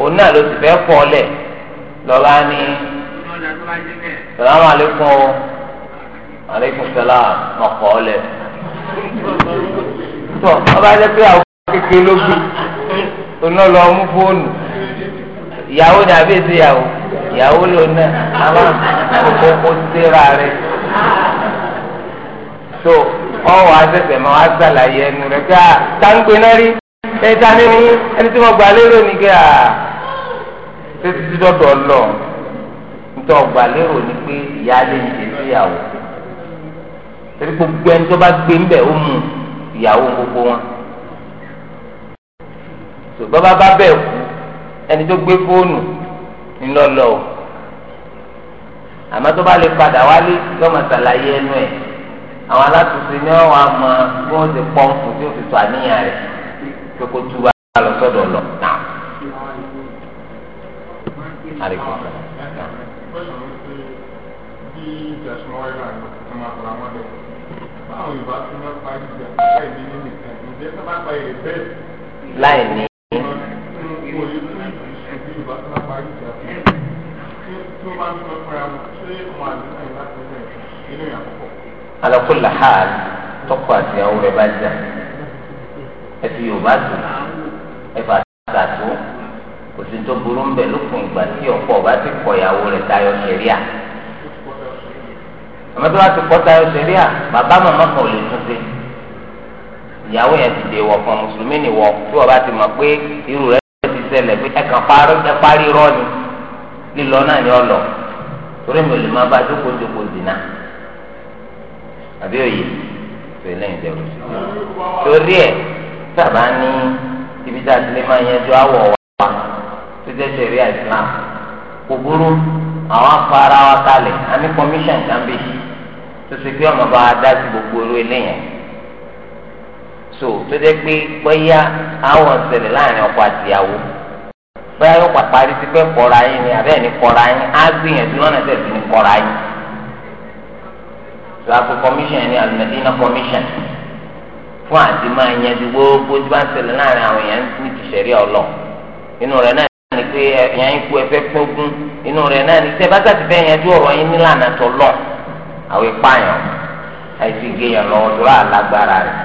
òun náà ló sì fẹ́ fọ́ ọ lẹ̀ lọ́ba ní salamu aleykum o aleykum salam ọkọ̀ ọ̀lẹ̀ tó ọba jẹ́ pé àwọn kékeré ló bí oná lọ mú fóònù ìyàwó ni àbí èsì ìyàwó ìyàwó ló ná àwọn àkókò síra rẹ tó ọwọ́ àtẹ̀tẹ̀ máa wá sàlàyé ẹnu rẹ pé à táǹpé náà rí ẹ̀ta nínú ẹni tí mo gbà lérò ní kí à títí tí dọ́dọ̀ lọ nítorí ọgbà lérò ni pé ìyáálé ń ṣe síyàwó torí gbogbo ẹni tó bá gbé ń bẹ̀ ó mú ìyàwó gbogbo wọn ṣùgbọ́n bá bẹ̀ kú ẹni tó gbé fóònù ńlọlọ o àmọ́ tó bá lè padà wálé yọmọ sàlàyé ẹnu ẹ̀ àwọn alátùsí ni wọ́n wá mọ bí wọ́n ti pọ́ǹpù tí ó fi tó àníyàn rẹ̀ pé kó tú wa lọ sọ́dọ̀ lọ àríkò. láì ní. ala kulli hal tọkọ àti ìyàwó rẹ̀ bá jà ẹ̀sìn yorùbá dùn òsì tó burú ń bẹ lópin ìgbà tí ọkọ ọba ti kọ ìyàwó rẹ̀ tayọ sẹríà àmọ́ tó bá ti kọ tayọ sẹríà bàbá màmá kan ò lè tún ṣe ìyàwó yẹn ti dè wọ fún mùsùlùmí ni wọ tí ọba ti mọ̀ pé irú rẹ̀ ti ṣẹlẹ̀ pé ẹ kàn parí rọ ni lílọ náà ni ọ lọ torí mi ò lè má bá jókòó jókòó dìnnà àbí òye tó lẹ́yìn dẹrù sí i torí ẹ sábà ní ibi tá a ti lè máa yanjú àwọ̀ wa títí ṣẹ̀rí Islam kò burú àwọn afárá wa kalẹ̀ àní commission kan bí tó ṣe pé ọmọ bá dá sí gbogbo orú eléyàn so tó jẹ́ pé bóyá àwọn ṣẹlẹ̀ láàrin ọkọ àtìyàwó bóyá yóò pàparí sí pé kọ́ra yín ni àbẹ́ẹ̀ ni kọ́ra yín á gbìyànjú lọ́nà tẹ̀sí ni kọ́ra yín láàpù commission ni alimẹdina commission fún àti máa yanjú gbogbo tí wọn ṣẹlẹ̀ láàrin àwọn èèyàn ní ti sẹrí ọlọ inú rẹ náà ni pé ẹ̀yàn ikú ẹ̀fẹ́ pọ́gún inú rẹ̀ náà ní sẹ́ bàtà ti fẹ́ yanjú ọ̀rọ̀ yín nílànà tó lọ àwọn ìpààyàn àìsí géèyàn lọ́wọ́ tó rà lágbára rẹ̀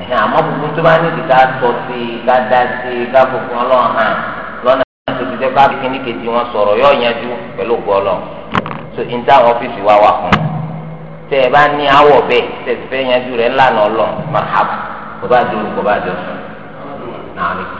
ẹ̀hìn àmọ́ gbogbo tó bá nídìí ká sọ sí i ká dá sí i ká fòfin ọlọ́run hàn lọ́nà tó ti jẹ́ bá kíní kejì wọn sọ̀rọ̀ yóò yanjú pẹ̀lú ògbọ́ lọ so níta àwọn ọ́fíìsì wa wà fún tẹ ẹ bá ní àwọ̀ bẹ́ẹ̀ tẹ ti fẹ́ yanjú rẹ̀ ńlànà ọlọ́run mahab kò bá dúró kò bá jọ sùn náà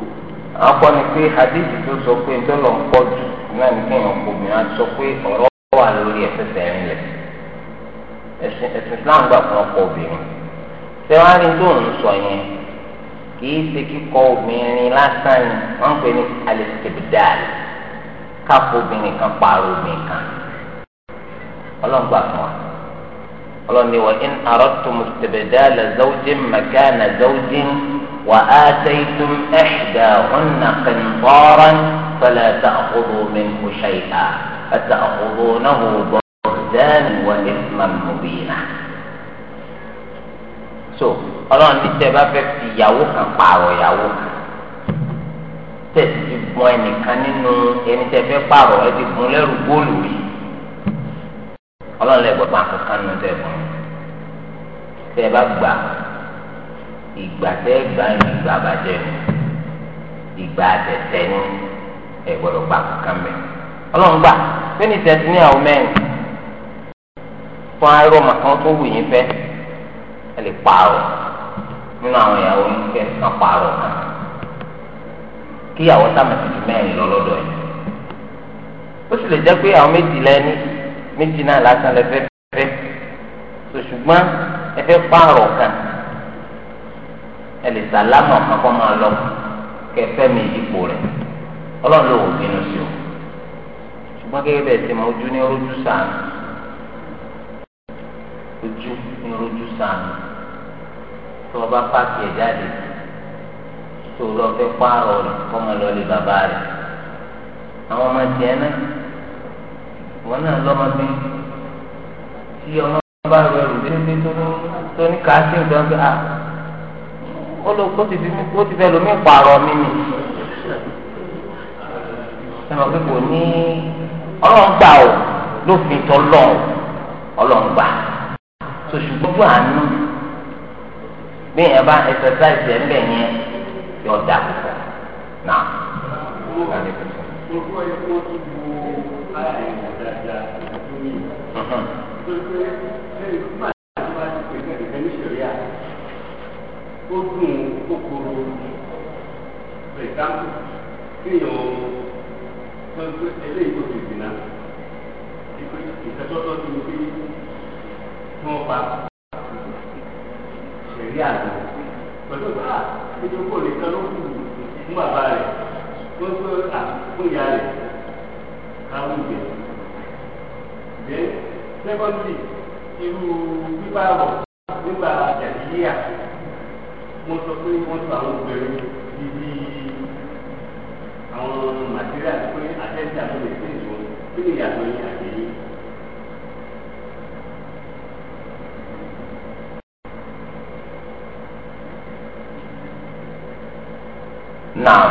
akọ ni pé hadithi tó sọ pé ntọ́lọ̀ ń pọ̀ jù náà ní kéèyàn kò mìíràn sọ pé ọ̀rọ̀ wà lórí ẹsẹ̀ sẹ́yìn lẹ̀ ẹ̀sìn Islam gbà fún ọkọ obìnrin tẹ́wárí tó ń sọ yẹn kìí ṣe kíkọ obìnrin lásán ni wọ́n pè ní alẹ́sìtẹ̀bìdáàlì kápò obìnrin kan pààrọ̀ obìnrin kan ọlọ́ngbà fún wa ọlọ́ni wọ́n in arọ́tùmù tẹ̀bìdáàlì zawjin makana zawjin. وآتيتم إحداهن قنطارا فلا تأخذوا منه شيئا أتأخذونه بهتانا وإثما مبينا so ọlọ́run ní tẹ́ bá fẹ́ fi ìyàwó kan pààrọ̀ ìyàwó kan tẹ́ ti mọ ẹnìkan nínú ẹni tẹ́ fẹ́ pààrọ̀ ẹ ti fún lẹ́rù góòlù rí ọlọ́run lẹ́gbọ̀n pa kankan nínú tẹ́ fún un bá gbà ìgbà tẹ́ gbà ń ìgbà bàjẹ́ ìgbà àtẹ̀tẹ̀ ní ẹ̀ gbọ́dọ̀ gbà kankan mẹ́. ọlọ́run gbà fẹ́ni tẹ̀sí ní àwọn mẹ́rin fún arọ màkàn tó wù yín fẹ́ ẹ lè pààrọ̀ nínú àwọn ìyàwó yín fẹ́ kàn pààrọ̀ kan kíyàwó sàmẹ̀tì ju mẹ́rin lọ lọ́dọ̀ yìí. ó sì lè jẹ́ pé àwọn méjì lẹ́ni méjì náà lásán lẹ́fẹ́ fẹ́ ṣùgbọ́n ẹ fẹ́ pààrọ̀ kan. ẹ lè sàlámù ọ̀kan máa lọ kẹfẹ́ mi yípo rẹ̀ ọlọ́run ló wò bínú sí o ṣùgbọ́n gẹ́gẹ́ bẹ́ẹ̀ ti mọ ojú ní orójú sàánù ojú ní orójú sàánù tó o bá pààkì ẹ̀ jáde tó lọ ma pààrọ̀ rẹ̀ máa lọ bàbá àwọn ọmọ náà wọn náà ó lọ ó ti fi ó ti fẹ́ lomi pààrọ̀ mi ni sẹ́nu pé kò ní ọlọ́run gbà ó lófin tọ́ lọ́ọ̀ ọlọ́run gbà tó àánú bí ẹ bá exercise ẹ̀ ń bẹ̀ yẹn yọ da náà. ó dùn kókòrò rẹ̀ dáhùn kéèyàn sọ pé eléyìí tó ti dìnnà ìpè ìtẹ́tọ́tọ́ ti wí tí wọ́n pa ṣẹ̀rí àná pẹ̀lú bá ah, ìjókòó nìkan ló kù fún bàbá rẹ̀ tó ń pè à ah, fún ìyá rẹ̀ káwọn ìgbẹ́. Then secondly irú bíbá rọ̀ nígbà jàdíyà wọ́n sọ pé wọ́n sọ àwọn obìnrin ibi àwọn màtíríà pé àtẹ́sí àtúndì sí ìṣó kí ni ìyàtọ̀ yìí àti yìí. náà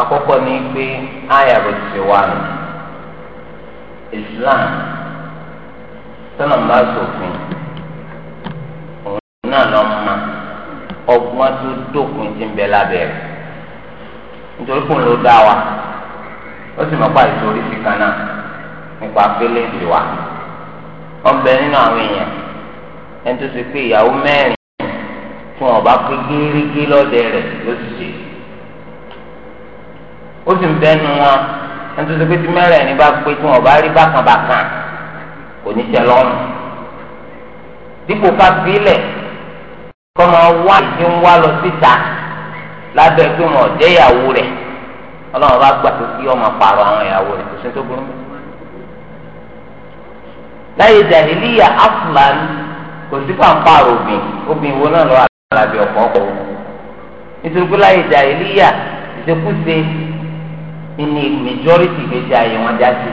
àkọ́kọ́ ni pé àyà bó ti wà nù Islam tọ́nà bá sòfin òun náà lọ́ọ́ máa. ọgbọ́n tó dókun ti ń bẹ lábẹ́ rẹ̀ nítorí kò dá wa ó sì mọ̀ pa ìsorí sí kan nípa pélé wa nínú àwọn èèyàn ẹni tó ṣe pé ìyàwó mẹ́rin fún ọba pé gírígí ló sì ṣe ó sì ń wọn ẹni tó pé tí bá pé tí ọba rí kọmọ wá ti ń wá lọ síta lábẹ́ pé wọn ò ìyàwó rẹ̀ ọlọ́run bá gbà tó kí ọmọ pààrọ̀ àwọn ìyàwó rẹ̀ tó ṣe tó burú. láyé jàdílíyà afúlàn kò sí pàǹpààrọ̀ obìn obìn wo náà lọ́wọ́ àlàbí ọ̀pọ̀ ọ̀pọ̀ nítorí pé láyé jàdílíyà ìṣekúṣe majority ayé wọn já sí.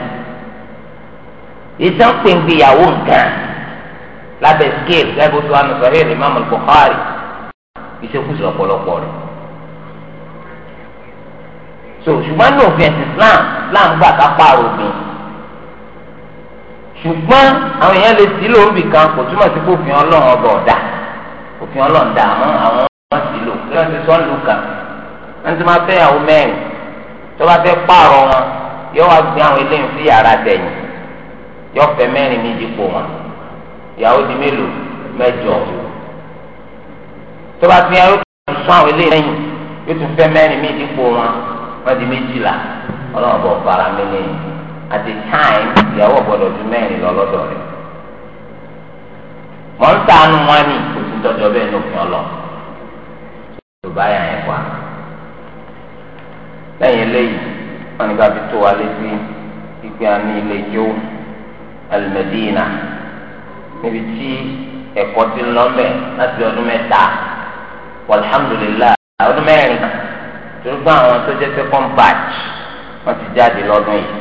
ìtàn lábẹ́ scale lábẹ́ oṣù àná sọ̀rọ̀ ẹ̀ Imam Bukhari ìṣekúṣe ọ̀pọ̀lọpọ̀ rẹ̀. so ṣùgbọ́n ní òfin ẹ̀sìn Islam Islam gbà ká pààrọ̀ òfin ṣùgbọ́n àwọn èèyàn lè sí lórí kan kò túmọ̀ sí pé òfin Ọlọ́run ọba ọ̀dà òfin Ọlọ́run dà mọ́ àwọn ọmọ sí lò kí wọ́n ti sọ́ lù kàn wọ́n ti máa fẹ́ àwọn mẹ́rin tó bá fẹ́ pààrọ̀ wọn yóò wá gbé àwọn eléyìí sí yàrá tẹ̀yìn yóò fẹ́ mẹ́rin méjì pò wọn ìyàwó di mélòó mẹ́jọ tó bá ti yàn yóò tún fún àwọn eléyìí lẹ́yìn yóò tún fẹ́ mẹ́rin mí dípò wọn wọ́n di méjìlá ọlọ́run bọ̀ fara mi lẹ́yìn at the time ìyàwó gbọ́dọ̀ ju mẹ́rin lọ lọ́dọ̀ rẹ̀ mọ̀ ń tànù wọn ni kò sí tọ́jọ́ bẹ́ẹ̀ ní òfin ọlọ́ tó bá yàn wá lẹ́yìn eléyìí wọ́n ní ká fi tó wa létí ìpè àní ilé jó al níbi tí ẹ̀kọ́ ti ń lọ mẹ́ láti ọdún mẹ́ta alhamdulilayi ọdún mẹ́rin torí àwọn tó jẹ́ second batch wọ́n ti jáde lọ́dún yìí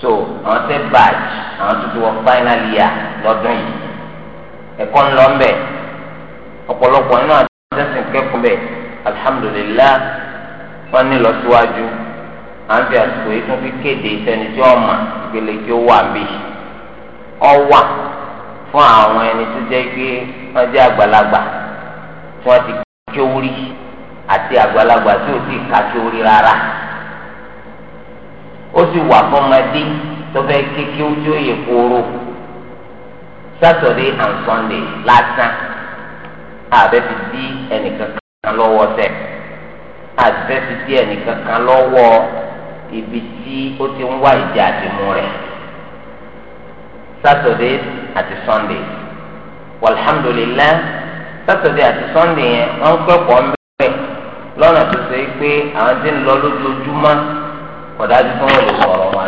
so àwọn tẹ batch àwọn tó ti wọ final year lọ́dún yìí ẹ̀kọ́ ń lọ mẹ́ ọ̀pọ̀lọpọ̀ nínú àtẹ̀sìn kẹ́kọ̀ọ́ mẹ́ alhamdulilayi wọ́n ní lọ́síwájú à ń fi àsìkò yìí tún fi kéde ìsẹ́ni tí wọ́n mọ̀ ìpele tí ó wà bíi. ọwà fún àwọn ẹni tó jẹ́ pé wọ́n jẹ́ àgbàlagbà tí wọ́n ti kéwúrí àti àgbàlagbà tí ò sì ká kéwúrí rárá ó sì wà fọmọdé tó fẹ́ kéke ojú òye kóró Saturday and Sunday lásán àbẹ fi di ẹnìkan lọ́wọ́ tẹ̀ àbẹ fi di ẹnìkan lọ́wọ́ ibi tí ó ti ń wá ìjà àdìmú rẹ̀. saturdays àti sundays walhamdulillah saturday àti sunday yẹn wọ́n kẹ́kọ̀ọ́ mbẹ lọ́nà tó ṣe pé àwọn tí ń lọ lójoojúmọ́ kódà tí wọ́n lè sọ̀rọ̀ wọn